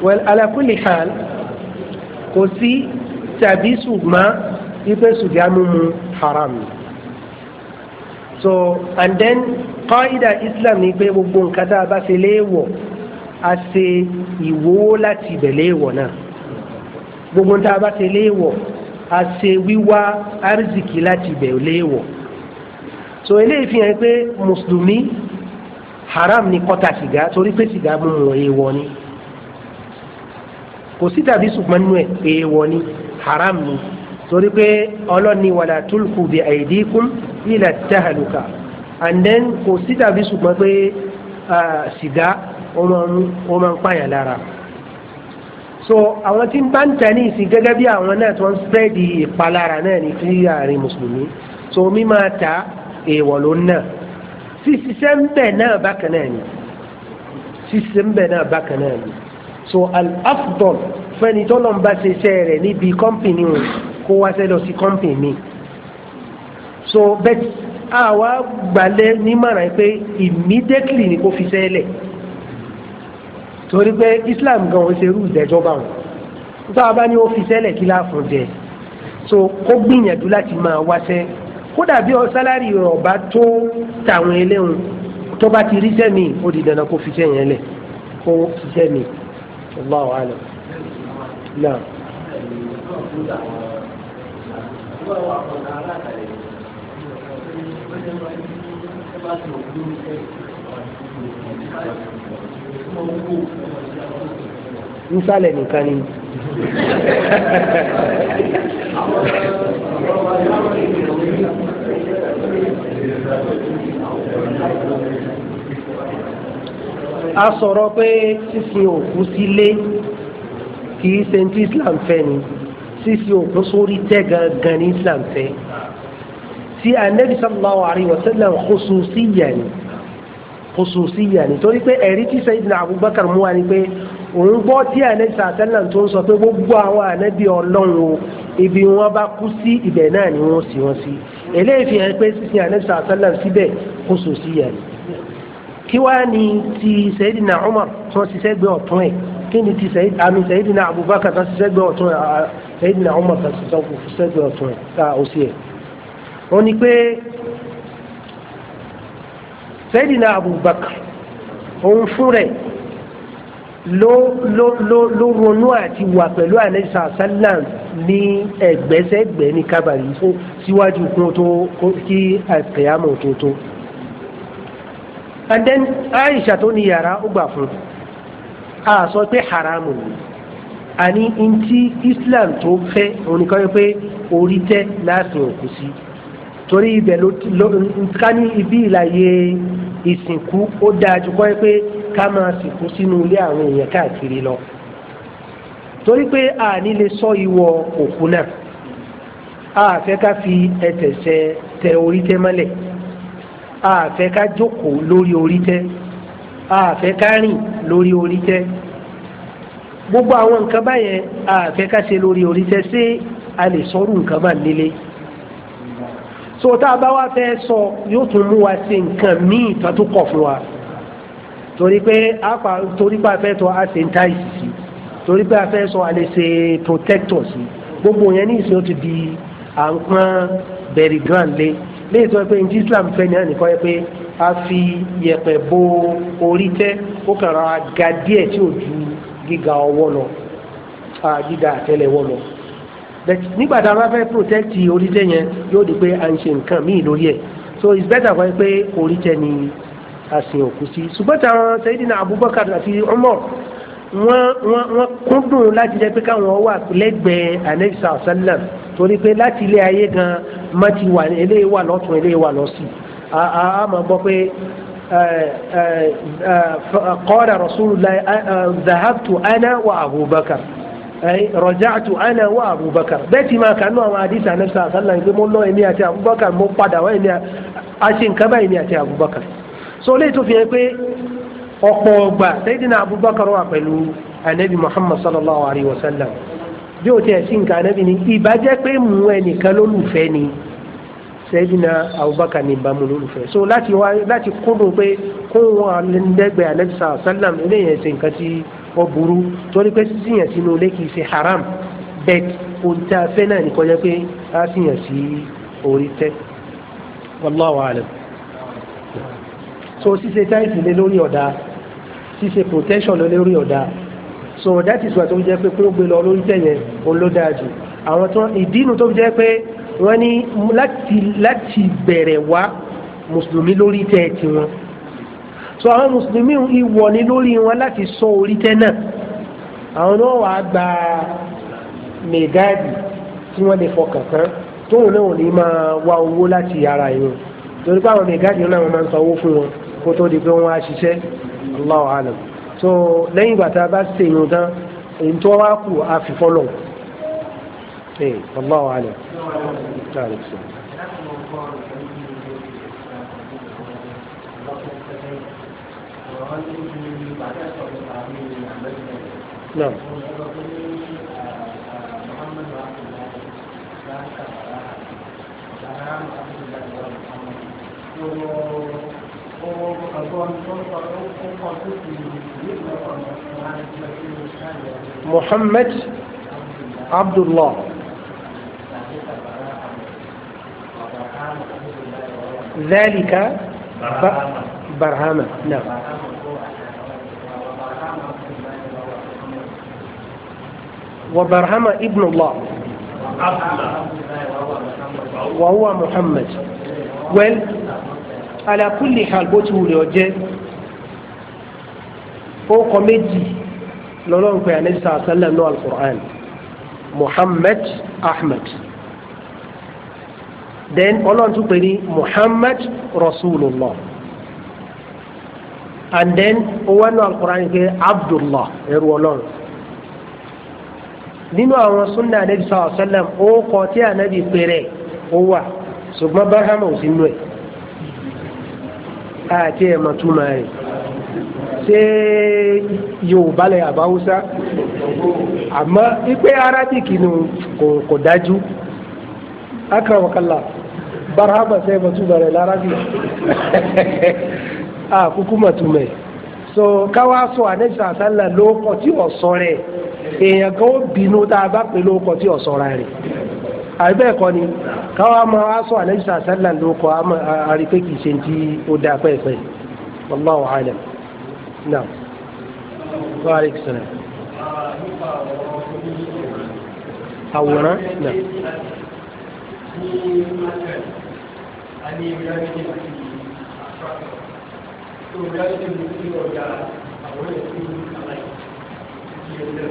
A: وعلى كل حال kò sí tàbí ṣùgbọ́n ife sùgá mímu haram so and then qaida islam ni pé gbogbo nǹkan tá a bá ṣe léèwọ̀ a ṣe ìwòwò láti ibẹ̀ léèwọ̀ náà gbogbo tá a bá ṣe léèwọ̀ a ṣe wíwá arzikì láti ibẹ̀ léèwọ̀ so eléyìí fi hàn pé mùsùlùmí haram ni kọ́ta sìgá torí pé sìgá mú wọn èèwọ̀ ni kò sí tàbí ṣùgbọ́n nínú ẹ̀ èèwọ̀ ni haram ni torí pé ọlọ́ni wàlà tulku bi àìdíkùn ila tahaluka and then kò sí tàbí ṣùgbọ́n pé ah, sìgá ó máa ń pààyàn lára so àwọn tí ń bá ń tẹ̀ ní ìsìn gẹ́gẹ́ bí àwọn náà tí wọ́n ń spreadi ìpalára náà ní sí àárín mùsùlùmí so mi máa ta èèwọ̀ ló ń náà ṣíṣiṣẹ́ ń bẹ̀ náà bákan náà ni ṣíṣiṣẹ́ ń bẹ̀ náà bákan náà ni so al-afdol fẹ́ni tó lọ́n bá ṣe iṣẹ́ rẹ̀ níbi kọ́mpìnì o kó wá ṣe lọ sí kọ́mpìnì mi so bẹ́ẹ̀ àwa gbalẹ̀ nímọ̀ràn pé immediately ni kò fi ṣẹ́ lẹ̀ torí pé Islam gan ó ṣe irú ìdẹ́jọ́ bá wọn nítorí wọn bá ní ó fi sẹ́lẹ̀ kí láàfún jẹ so kó gbìyànjú láti máa wáṣẹ́ kódà bí ọ sálárì rẹ̀ ọba tó tàwọn eléhùn tó bá ti rí sẹ́mi ó di dandan kó fi sẹ́yìn lẹ̀ kó fi sẹ́mi Allahu alam náà
B: Thank you
A: nísàlẹ̀ nìkan ni. a sọ̀rọ̀ pé sísin òkú sílé kì í ṣe ti Islam fẹ́ ni sísin òkú sórí tẹ́ gangan ní Islam fẹ́ tí anabi sallallahu alayhi wa sallam khususiyya ni khususiyya ni torí pé ẹ̀rí tí Sayyidina Abubakar mú wa ni pé òun gbọ́ tí ànábì sàtẹ́lá tó ń sọ pé gbogbo àwọn ànábì ọlọ́run o ibi wọn bá kú sí ibẹ̀ náà ni wọ́n sì wọ́n sí eléyìí fi hàn pé sísin ànábì sàtẹ́lá síbẹ̀ khususiyya ni kí wàá ní ti Sayyidina Umar tó ń ṣiṣẹ́ gbé ọ̀tún ẹ̀ kí ni ti àmì Sayyidina Abubakar tó ń ṣiṣẹ́ gbé ọ̀tún ẹ̀ Sayyidina Umar Sayyidina Abubakar òun fún rẹ̀ ló ló ló ló ronú àti wà pẹ̀lú àlẹ́sà sálàm ní ẹgbẹ́sẹ̀gbẹ́ ní kábàrí fún síwájú kún tó kí àkẹyàmọ̀ tó tó and then Aisha tó ní yàrá ó gbà fún a sọ pé haramu ni àní ntí Islam tó fẹ́ òun ni kọ́ pé orí tẹ́ láti òkú sí i torí ibẹ̀ ló ti lọ ká ní ibi ìlàyé ìsìnkú ó dáa jù kọ́ ẹ pé ká máa sìnkú sínú ilé àwọn èèyàn káàkiri lọ torí pé àní lè sọ ìwọ òkú náà a fẹ́ ká fi ẹsẹ̀ ṣe tẹ orí tẹ mọ́lẹ̀ a fẹ́ ká jókòó lórí orí tẹ a fẹ́ ká rìn lórí orí tẹ gbogbo àwọn nǹkan báyẹn a fẹ́ ká ṣe lórí orí tẹ ṣé a lè sọrú nǹkan bá nílé so tá a bá wá fẹ́ sọ yóò tún mú wa ṣe nǹkan míì tó tún kọ̀ fún wa torí pé a pa torí pé a fẹ́ sọ a ṣe ń ta ìsìsì torí pé a fẹ́ sọ a lè ṣe protector sí gbogbo yẹn ní ìsìn ó ti di à ń pọ́n bẹ̀rì grand lé léyìí tó pé ní Islam fẹ́ ní àná nìkan yẹ pé a fi yẹ̀pẹ̀ bo orí tẹ́ ó kàn ra ga díẹ̀ tí ò ju gíga ọwọ́ lọ gíga àtẹ́lẹwọ́ lọ but nígbà tá a bá fẹ́ protect oríṣẹ́ yẹn yóò di pé à ń ṣe nǹkan míì lórí ẹ̀ so it's better for ẹ pé oríṣẹ́ ni a sin òkú sí ṣùgbọ́n táwọn Sayyidina Abubakar àti Umar wọ́n wọ́n wọ́n kúndùn láti jẹ́ pé káwọn wà lẹ́gbẹ̀ẹ́ Ànábì sallam torí pé láti ilé ayé gan má ti wà eléyìí wà lọ́tún eléyìí wà lọ́sì a máa gbọ́ pé qala Rasulullah dhahabtu ana wa Abubakar. أي رجعت أنا وأبو بكر بيتي ما كانوا مع حديث عن النبي صلى الله عليه وسلم يقول الله إني أتي أبو بكر مو قد وإني أشين كما إني أتي أبو بكر سوليت في أكوي أقوى سيدنا أبو بكر وأقلو النبي محمد صلى الله عليه وسلم bí o ti ẹ̀sìn nǹkan anábì ni ìbá jẹ́ pé mú ẹnìkan lólùfẹ́ ni Sayyidina Abubakar ní ìbámu lólùfẹ́ so láti wá láti kúndùn pé kóhun alẹ́gbẹ̀ẹ́ alẹ́bísà sálàm eléyìí ẹ̀sìn nǹkan tí ó burú torí pé síyàn sínú ilé kìí ṣe haram bẹ́ẹ̀ ohun tí a fẹ́ náà ní kọjá pé a síyàn sí orí tẹ́ wallahu alam so ṣíṣe táìsì lé lórí ọ̀dà ṣíṣe protection lé lórí ọ̀dà so that is why tó fi jẹ́ pé kúrò gbé lọ lórí tẹ̀yẹn òun ló dáa jù àwọn tó ìdínú tó fi jẹ́ pé wọ́n ní láti láti bẹ̀rẹ̀ wá mùsùlùmí lórí tẹ̀ tiwọn so àwọn mùsùlùmí ìwọ̀ ni lórí wọn láti sọ orí tẹ́ náà àwọn náà wàá gba mẹgáàdì tí wọ́n lè fọkàn tán tóun náà ò ní máa wá owó láti ara ìrun torí pé àwọn mẹgáàdì náà wọ́n máa ń sanwó fún wọn kó tó di pé wọ́n á ṣiṣẹ́ Allahu alam so lẹ́yìn ìgbà tá a bá ṣe ìrun tán èyí tó wá kù á fi fọ́lọ̀ ẹ̀ Allahu alam. Thank
B: you. نعم محمد
A: عبد الله ذلك برهامة نعم وبرهم ابن الله وهو محمد well على كل حال bó ti wulẹ̀ ọjẹ́ orúkọ méjì lọ́lọ́run pé àní sàá sálẹ̀ ní alukur'an muhammed then ọlọ́run tún pè ní muhammed rasulullah and then ó wá ní alukur'an pé abdullah ẹrú ọlọ́run nínú àwọn sunna anabi sọ̀rọ̀ sọ́lẹ̀m ó kọ tí anabi péré ó wà ṣùgbọ́n barhama ò sí nú ẹ̀ àti ẹ̀ mọ̀ túmọ̀ rẹ̀ ṣé yorùbá lẹ̀ àbáwúsá àmọ́ ipe arabic ni kò dájú akaramakala barhama sẹ́yìn mọ̀ túmọ̀ rẹ̀ lárábì àkúkú mọ̀ túmọ̀ rẹ̀. so káwá sọ ànẹ́sà sálà lóókọ̀ tí ọ̀sọ́ rẹ̀ èèyàn kan ó bínú tá a bá pè lóókọ̀ tí ọ̀sọ́ ra rẹ̀ àbẹ́ ẹ̀kọ́ ni káwá máa sọ ànẹ́sà sálà lóókọ̀ àrípé kìí ṣe ti ó dáa pẹ́ẹ́pẹ́ wallahu náà
B: àwòrán náà. tó o dájú tó o ti ọjà àwọn ẹ̀ tó o kàlá yìí ti ẹ̀ lẹ́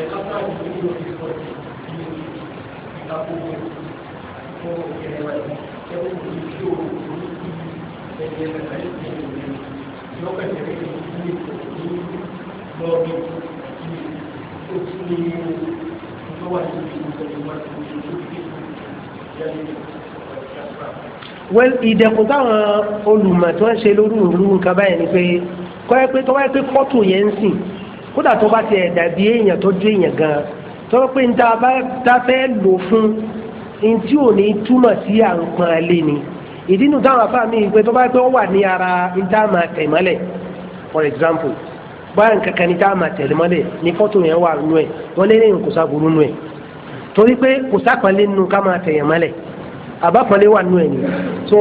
B: ẹ̀ lápá ìdílé yóò fi sọ ti ìdílé ìdákòwò fún ìrìn àjò ẹ̀ ó ti fi o orí ti ẹ̀yẹ ẹ̀ka yìí ti ẹ̀yẹ ìlú yóò kẹ̀kẹ́ rẹ̀ ní ìlú lọ́ọ̀bì ìlú tó ti ní ìlú tó wà ní ìlú tó ti wá ní ìlú tó
C: ti ní ìlú
A: well ìdẹ̀kùn táwọn olùmọ̀ tí wọ́n ṣe lórí ìlú nǹkan báyẹn ni pé kọ́ẹ́ pé tọ́wọ́ pé kọ́tù yẹn ń sìn kódà tó bá ti ẹ̀dà bí èèyàn tó dé èèyàn gan tọ́wọ́ pé ń ta fẹ́ lò fún ń tí ò ní túmọ̀ sí à ń pọn alẹ́ ni ìdí nu táwọn afá mi pé tọ́wọ́ pé wọ́n wà ní ara ń tá máa tẹ̀ mọ́lẹ̀ for example báyà ń kankan ní tá máa tẹ̀ mọ́lẹ̀ ní kọ́tù yẹn wà nú ẹ̀ wọ́n lé ní kòsá burú nú ẹ̀ torí pé kòsá kan lé nínú ká máa tẹ̀yẹ̀ mọ́lẹ̀ àbápọ̀lé wà so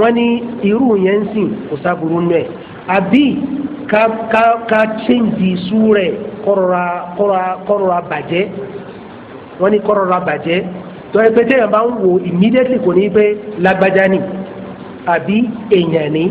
A: wọ́n ní irú yẹn si sìn kò sábúrú abi ka ka ka ká ká chéǹdì kɔrɔra kɔrɔra kɔrɔra kọ́rọ̀ra kọ́rọ̀ra bàjẹ́ wọ́n ní kọ́rọ̀ra bàjẹ́ tọ́yẹ pé téèyàn immediately kò ní ni àbí èèyàn ni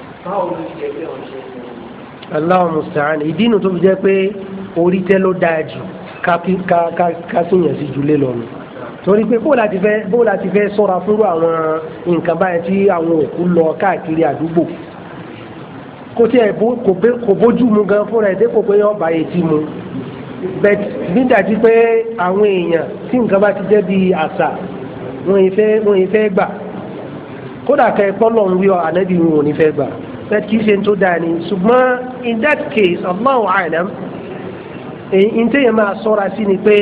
B: Allah ló ti
C: jẹ pé òun ṣe ń lò.
A: Allahu musta'an ìdí inú tó fi jẹ́ pé orí tẹ́ ló dáa jù ká síyàn sí jùlé lọ́nu torí pé bó láti fẹ́ bó láti fẹ́ sọ́ra fúnrú àwọn nǹkan báyẹn tí àwọn òkú lọ káàkiri àdúgbò kò tiẹ̀ kò bójú mu gan fúnra ẹ̀ dépò pé ọba yẹn ti mu bẹ́ẹ̀ nígbà tí pé àwọn èèyàn tí nǹkan bá ti jẹ́ bíi àṣà wọn ì fẹ́ wọn ì fẹ́ gbà kódà kẹ́ ẹ pọ́ lọ́n wí ọ ànábì wọn ò ní bẹ́ẹ̀ kì í ṣe tó dáa ṣùgbọ́n in that case Allahu alam èyí téèyàn máa sọ́ra sí ni pé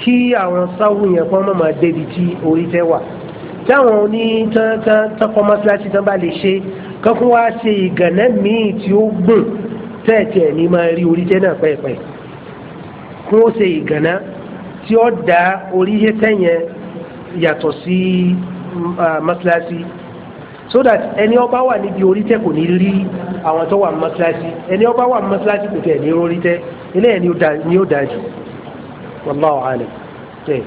A: kí àwọn sáwù yẹn kọ́ mọ̀ máa débi tí orí tẹ́ wà táwọn oní tọ́kọ́ mọ́sálásí tán bá lè ṣe kankan wá ṣe ìgànnà míì tí ó gùn tẹ́ẹ̀tì ẹ̀ ní máa rí orí tẹ́ náà pẹ́ẹ́pẹ́ kí wọ́n ṣe ìgànnà tí ó dá orí tẹ́ yẹn yàtọ̀ sí mọ́sálásí. Uh, so that ẹni ọba wà níbi orí tẹ kò ní rí àwọn tó wà ní mọ́sálásí ẹni ọba wà ní mọ́sálásí kò tẹ̀ ní orí tẹ ilé ẹ̀ ni ó dájú wallahu alam tẹ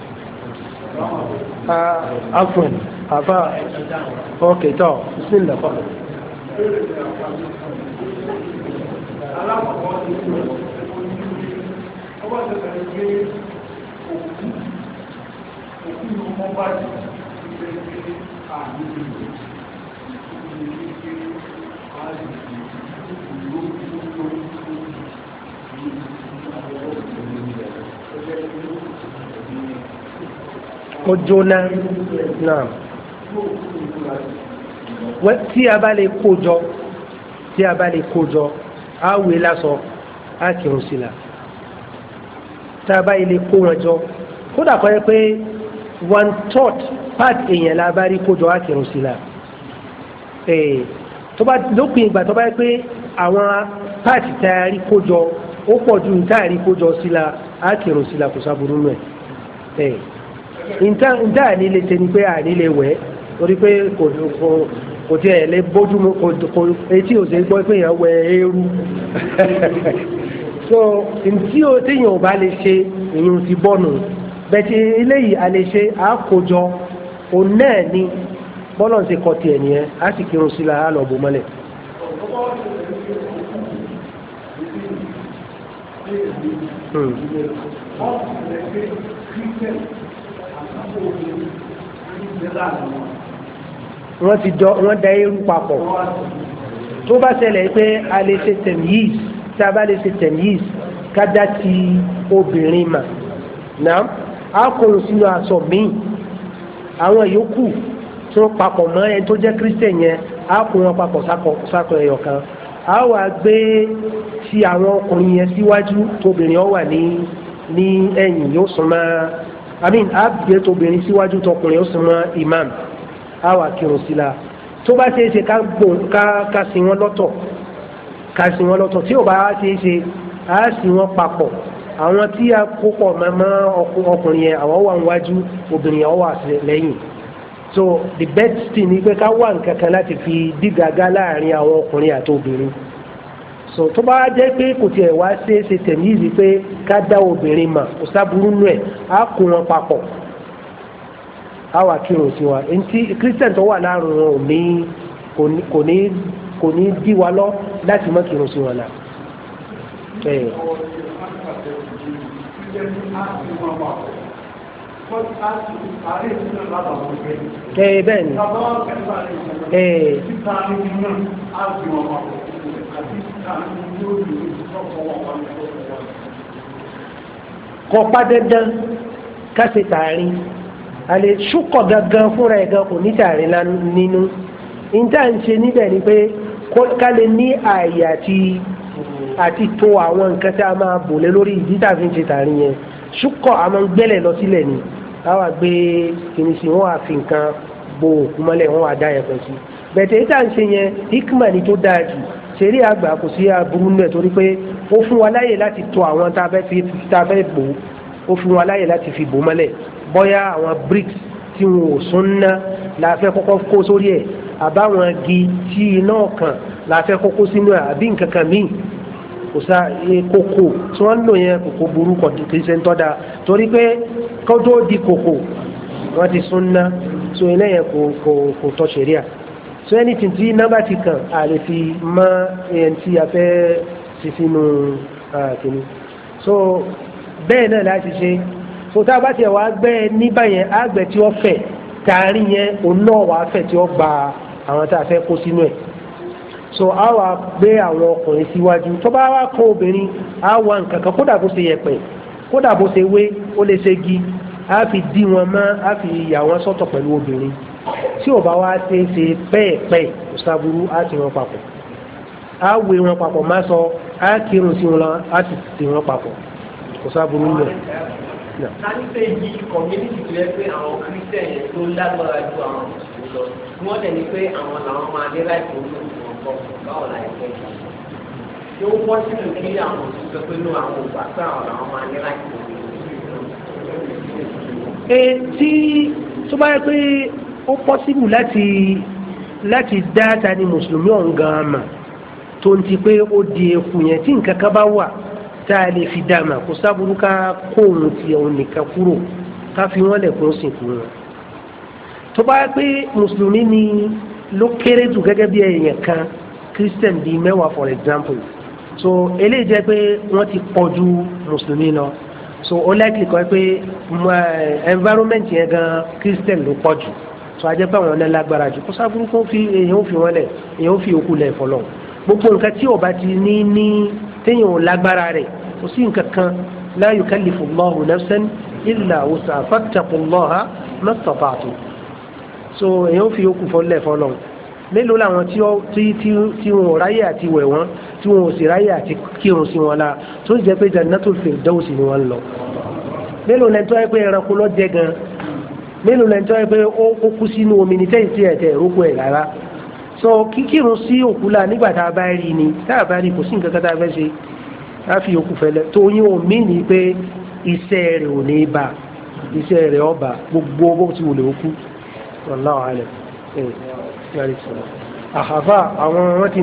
A: afọn afa ọkẹ tọ bismillah fọ.
C: alákọ̀ọ́
B: ti
A: ó jóná náà tí a bá lè kó jọ tí a bá lè kó jọ á wé lásọ á kírun la tá a bá lè kó wọn jọ kódà kọ́ yẹ pé one third part èèyàn la bá rí kó jọ á kírun la. Eh, tó bá lópin ìgbà tó bá yẹ pé àwọn páàtì tá a rí kó jọ ó pọ̀ ju nǹkan àrí kó jọ sí la á kèrò sí la kò sábúrú nù ẹ̀ eh, nǹkan nǹkan àní lè ṣe ni pé àní lè wẹ̀ torí pé kò kò tiẹ̀ lè bójú mu kò kò etí ò ṣe pé èèyàn wẹ eérú so ntí o téèyàn ò bá lè ṣe èèyàn ti bọ́nu bẹ́ẹ̀ ti eléyìí a lè ṣe àkójọ òun ni bọ́lọ̀ ń ṣe kọ́ tiẹ̀ nìyẹn á sì kírun sí la á lọ bò mọ́lẹ̀. Hmm. wọ́n ti dọ́ wọ́n da eérú papọ̀ tó bá ṣẹlẹ̀ pé a lè ṣe tẹ̀míyìs tí a bá lè ṣe tẹ̀míyìs ká dá ti obìnrin mà náà á kọrò sínú aṣọ míì àwọn yòókù tó papọ̀ mọ́ ẹni tó jẹ́ kírísítẹ̀ yẹn á kó wọn papọ̀ sákọ ẹyọ kan á wà gbé ti àwọn ọkùnrin yẹn síwájú tóbìnrin ọ wà ní ní ẹ̀yìn yóò sún mọ́ amin á gbé tóbìnrin síwájú tọkùnrin ó sún mọ́ imam á wà kírun sí la tó bá ṣe é ṣe ká gbòǹ ká ká sí wọn lọ́tọ̀ ká sí wọn lọ́tọ̀ tí ò bá ṣe é ṣe á sí wọn papọ̀ àwọn tí a kó pọ̀ mọ́ ọkùnrin yẹn àwọn wà níwájú obìnrin yẹn wà lẹ́yìn so the best thing ni pé ká wá nǹkan kan láti fi dígàgá láàrin àwọn ọkùnrin àti obìnrin so tó bá jẹ́ pé kò tiẹ̀ wá ṣeé ṣe tẹ̀mí yìí pé ká dá obìnrin mà kò sábúrú nù ẹ̀ á kó wọn papọ̀ á wà kírun sí wa ntí christian tó wà láàrin wọn ò ní kò ní kò ní dí wa lọ láti má kírun sí wọn là. Ẹ ẹ ẹ eh, bẹ́ẹ̀ ni ẹ kọ pa dandan kásì tààrin àlè ṣùkọ gangan fúnra ẹ̀ gan kò ní tààrin nínú níta ń ṣe níbẹ̀ ni pé ká lè ní ààyè àti àti tó àwọn nǹkan tí a máa bò lé lórí ìdí tààfin ṣe tààrin yẹn ṣùkọ àmọ́ gbẹ́lẹ̀ lọ sílẹ̀ ni táwa gbé kìnì sí wọn àfi nǹkan bo òkú mọ́lẹ̀ wọn àdá ẹ̀pẹ̀ sí bẹ̀tẹ̀ ìta ń ṣe yẹn hikman ni tó dáa jù ṣeré àgbà kò sí aburú nù ẹ̀ torí pé ó fún wa láyè láti tọ àwọn tá a fẹ́ bò ó fún wa láyè láti fi bò mọ́lẹ̀ bọ́yá àwọn bricks tí wọn ò sún ná la fẹ́ kọ́kọ́ kó sórí ẹ̀ àbáwọn igi tí iná ọ̀kan la fẹ́ kọ́kọ́ sínú ẹ̀ àbí nǹkan kan míì kò sá eh, koko, tí wọ́n ń koko buru kòkò burúkọ kì í ṣe torí pé kó di koko, wọ́n ti súnná so eléyẹn kò kò kò tọ́ ṣẹ̀ríà so anything tí nọ́mbà ti kàn á lè fi mọ ẹni tí a fẹ́ ti sínú kìnnì so bẹ́ẹ̀ náà láti ṣe so tá a bá tiẹ̀ wá gbẹ́ níbà yẹn á gbẹ́ tí ó fẹ̀ tààrí yẹn òun náà wàá fẹ̀ tí ó gba àwọn tá a fẹ́ kó sínú ẹ̀ so a wà gbé àwọn ọkùnrin síwájú tó bá wà kó obìnrin a wà nǹkan kan kódà bó ṣe yẹ̀pẹ̀ kódà bó ṣe wé ó lè ṣe gi a fi dí wọn mọ́ a fi yà wọn sọ́tọ̀ pẹ̀lú obìnrin tí ò bá wá ṣe é ṣe pẹ́ẹ̀pẹ́ẹ̀ kò sábúrú á ti wọn papọ̀ á wé wọn papọ̀ má sọ á kírun sí wọn á ti tì wọn papọ̀ kò sábúrú lọ.
B: kánífẹ́ yìí community tó pé àwọn christian yẹn tó lágbára ju àwọn mùsùlùmí lọ wọ́n dẹ̀ pé àwọn làwọn máa dé láìpẹ́ olóògbé sọ báwo la ẹgbẹ́ kan ṣé ó bọ́ sínú kí àwọn òṣìṣẹ́ pé ló àwọn ògbà sáà làwọn máa ní láti
C: lò
A: ó. tí tó bá yẹ pé ó pọ́sibù láti láti dá ta ni mùsùlùmí ọ̀hún gan-an mà tó ń ti pé ó di eku yẹn tí nǹkan kan bá wà tá a lè fi dá mà kó sábúrú ká kó òun ti òun nìkan kúrò ká fi wọ́n lẹ̀kún sìnkú wọn tó bá yẹ pé mùsùlùmí ni ló kéré jù gẹ́gẹ́ bí èèyàn kan christian bíi mẹ́wàá for example so eléyìí jẹ́ pé wọ́n ti pọ̀ ju mùsùlùmí lọ so ó likely kan pé eh, environment yẹn gan christian ló pọ̀ jù so ajẹ́ pé àwọn ọ̀nà lágbára jù kó sábúrú kó fi èèyàn ó fi wọn lẹ̀ èèyàn ó fi òkú lẹ̀ fọlọ́ gbogbo nǹkan tí ó bá ti ní ní téèyàn ò lágbára rẹ̀ kò sí nǹkan kan la yukallifu Allahu nafsan illa wus'aha fattaqullaha mastata'tum so èèyàn fi okùn fọlẹ̀ fọlọ́ mélòó làwọn tí tí wọn ráyè àti wẹ̀ wọ́n tí wọn ò sì ráyè àti kírun sí wọn la tó ń jẹ́ pé Jannatul Firdaus ni wọ́n lọ mélòó lẹ́ńtọ́ ẹ pé ẹranko lọ jẹ gan mélòó lẹ́ńtọ́ ẹ pé ó kú sínú omi ní tẹ́yìn tí ẹ̀ ẹ̀ rárá sọ kíkírun sí òkú la nígbà tá a bá rí ni tá a bá rí kò sí nǹkan kan tá a fẹ́ ṣe á fi òkú fẹlẹ̀ tó yín ò mí ni pé iṣẹ́ rẹ̀ ò ní bá iṣẹ́ rẹ̀ ó bá gbogbo bó ti wù lè ó والله أعلم أخفاء أمامتني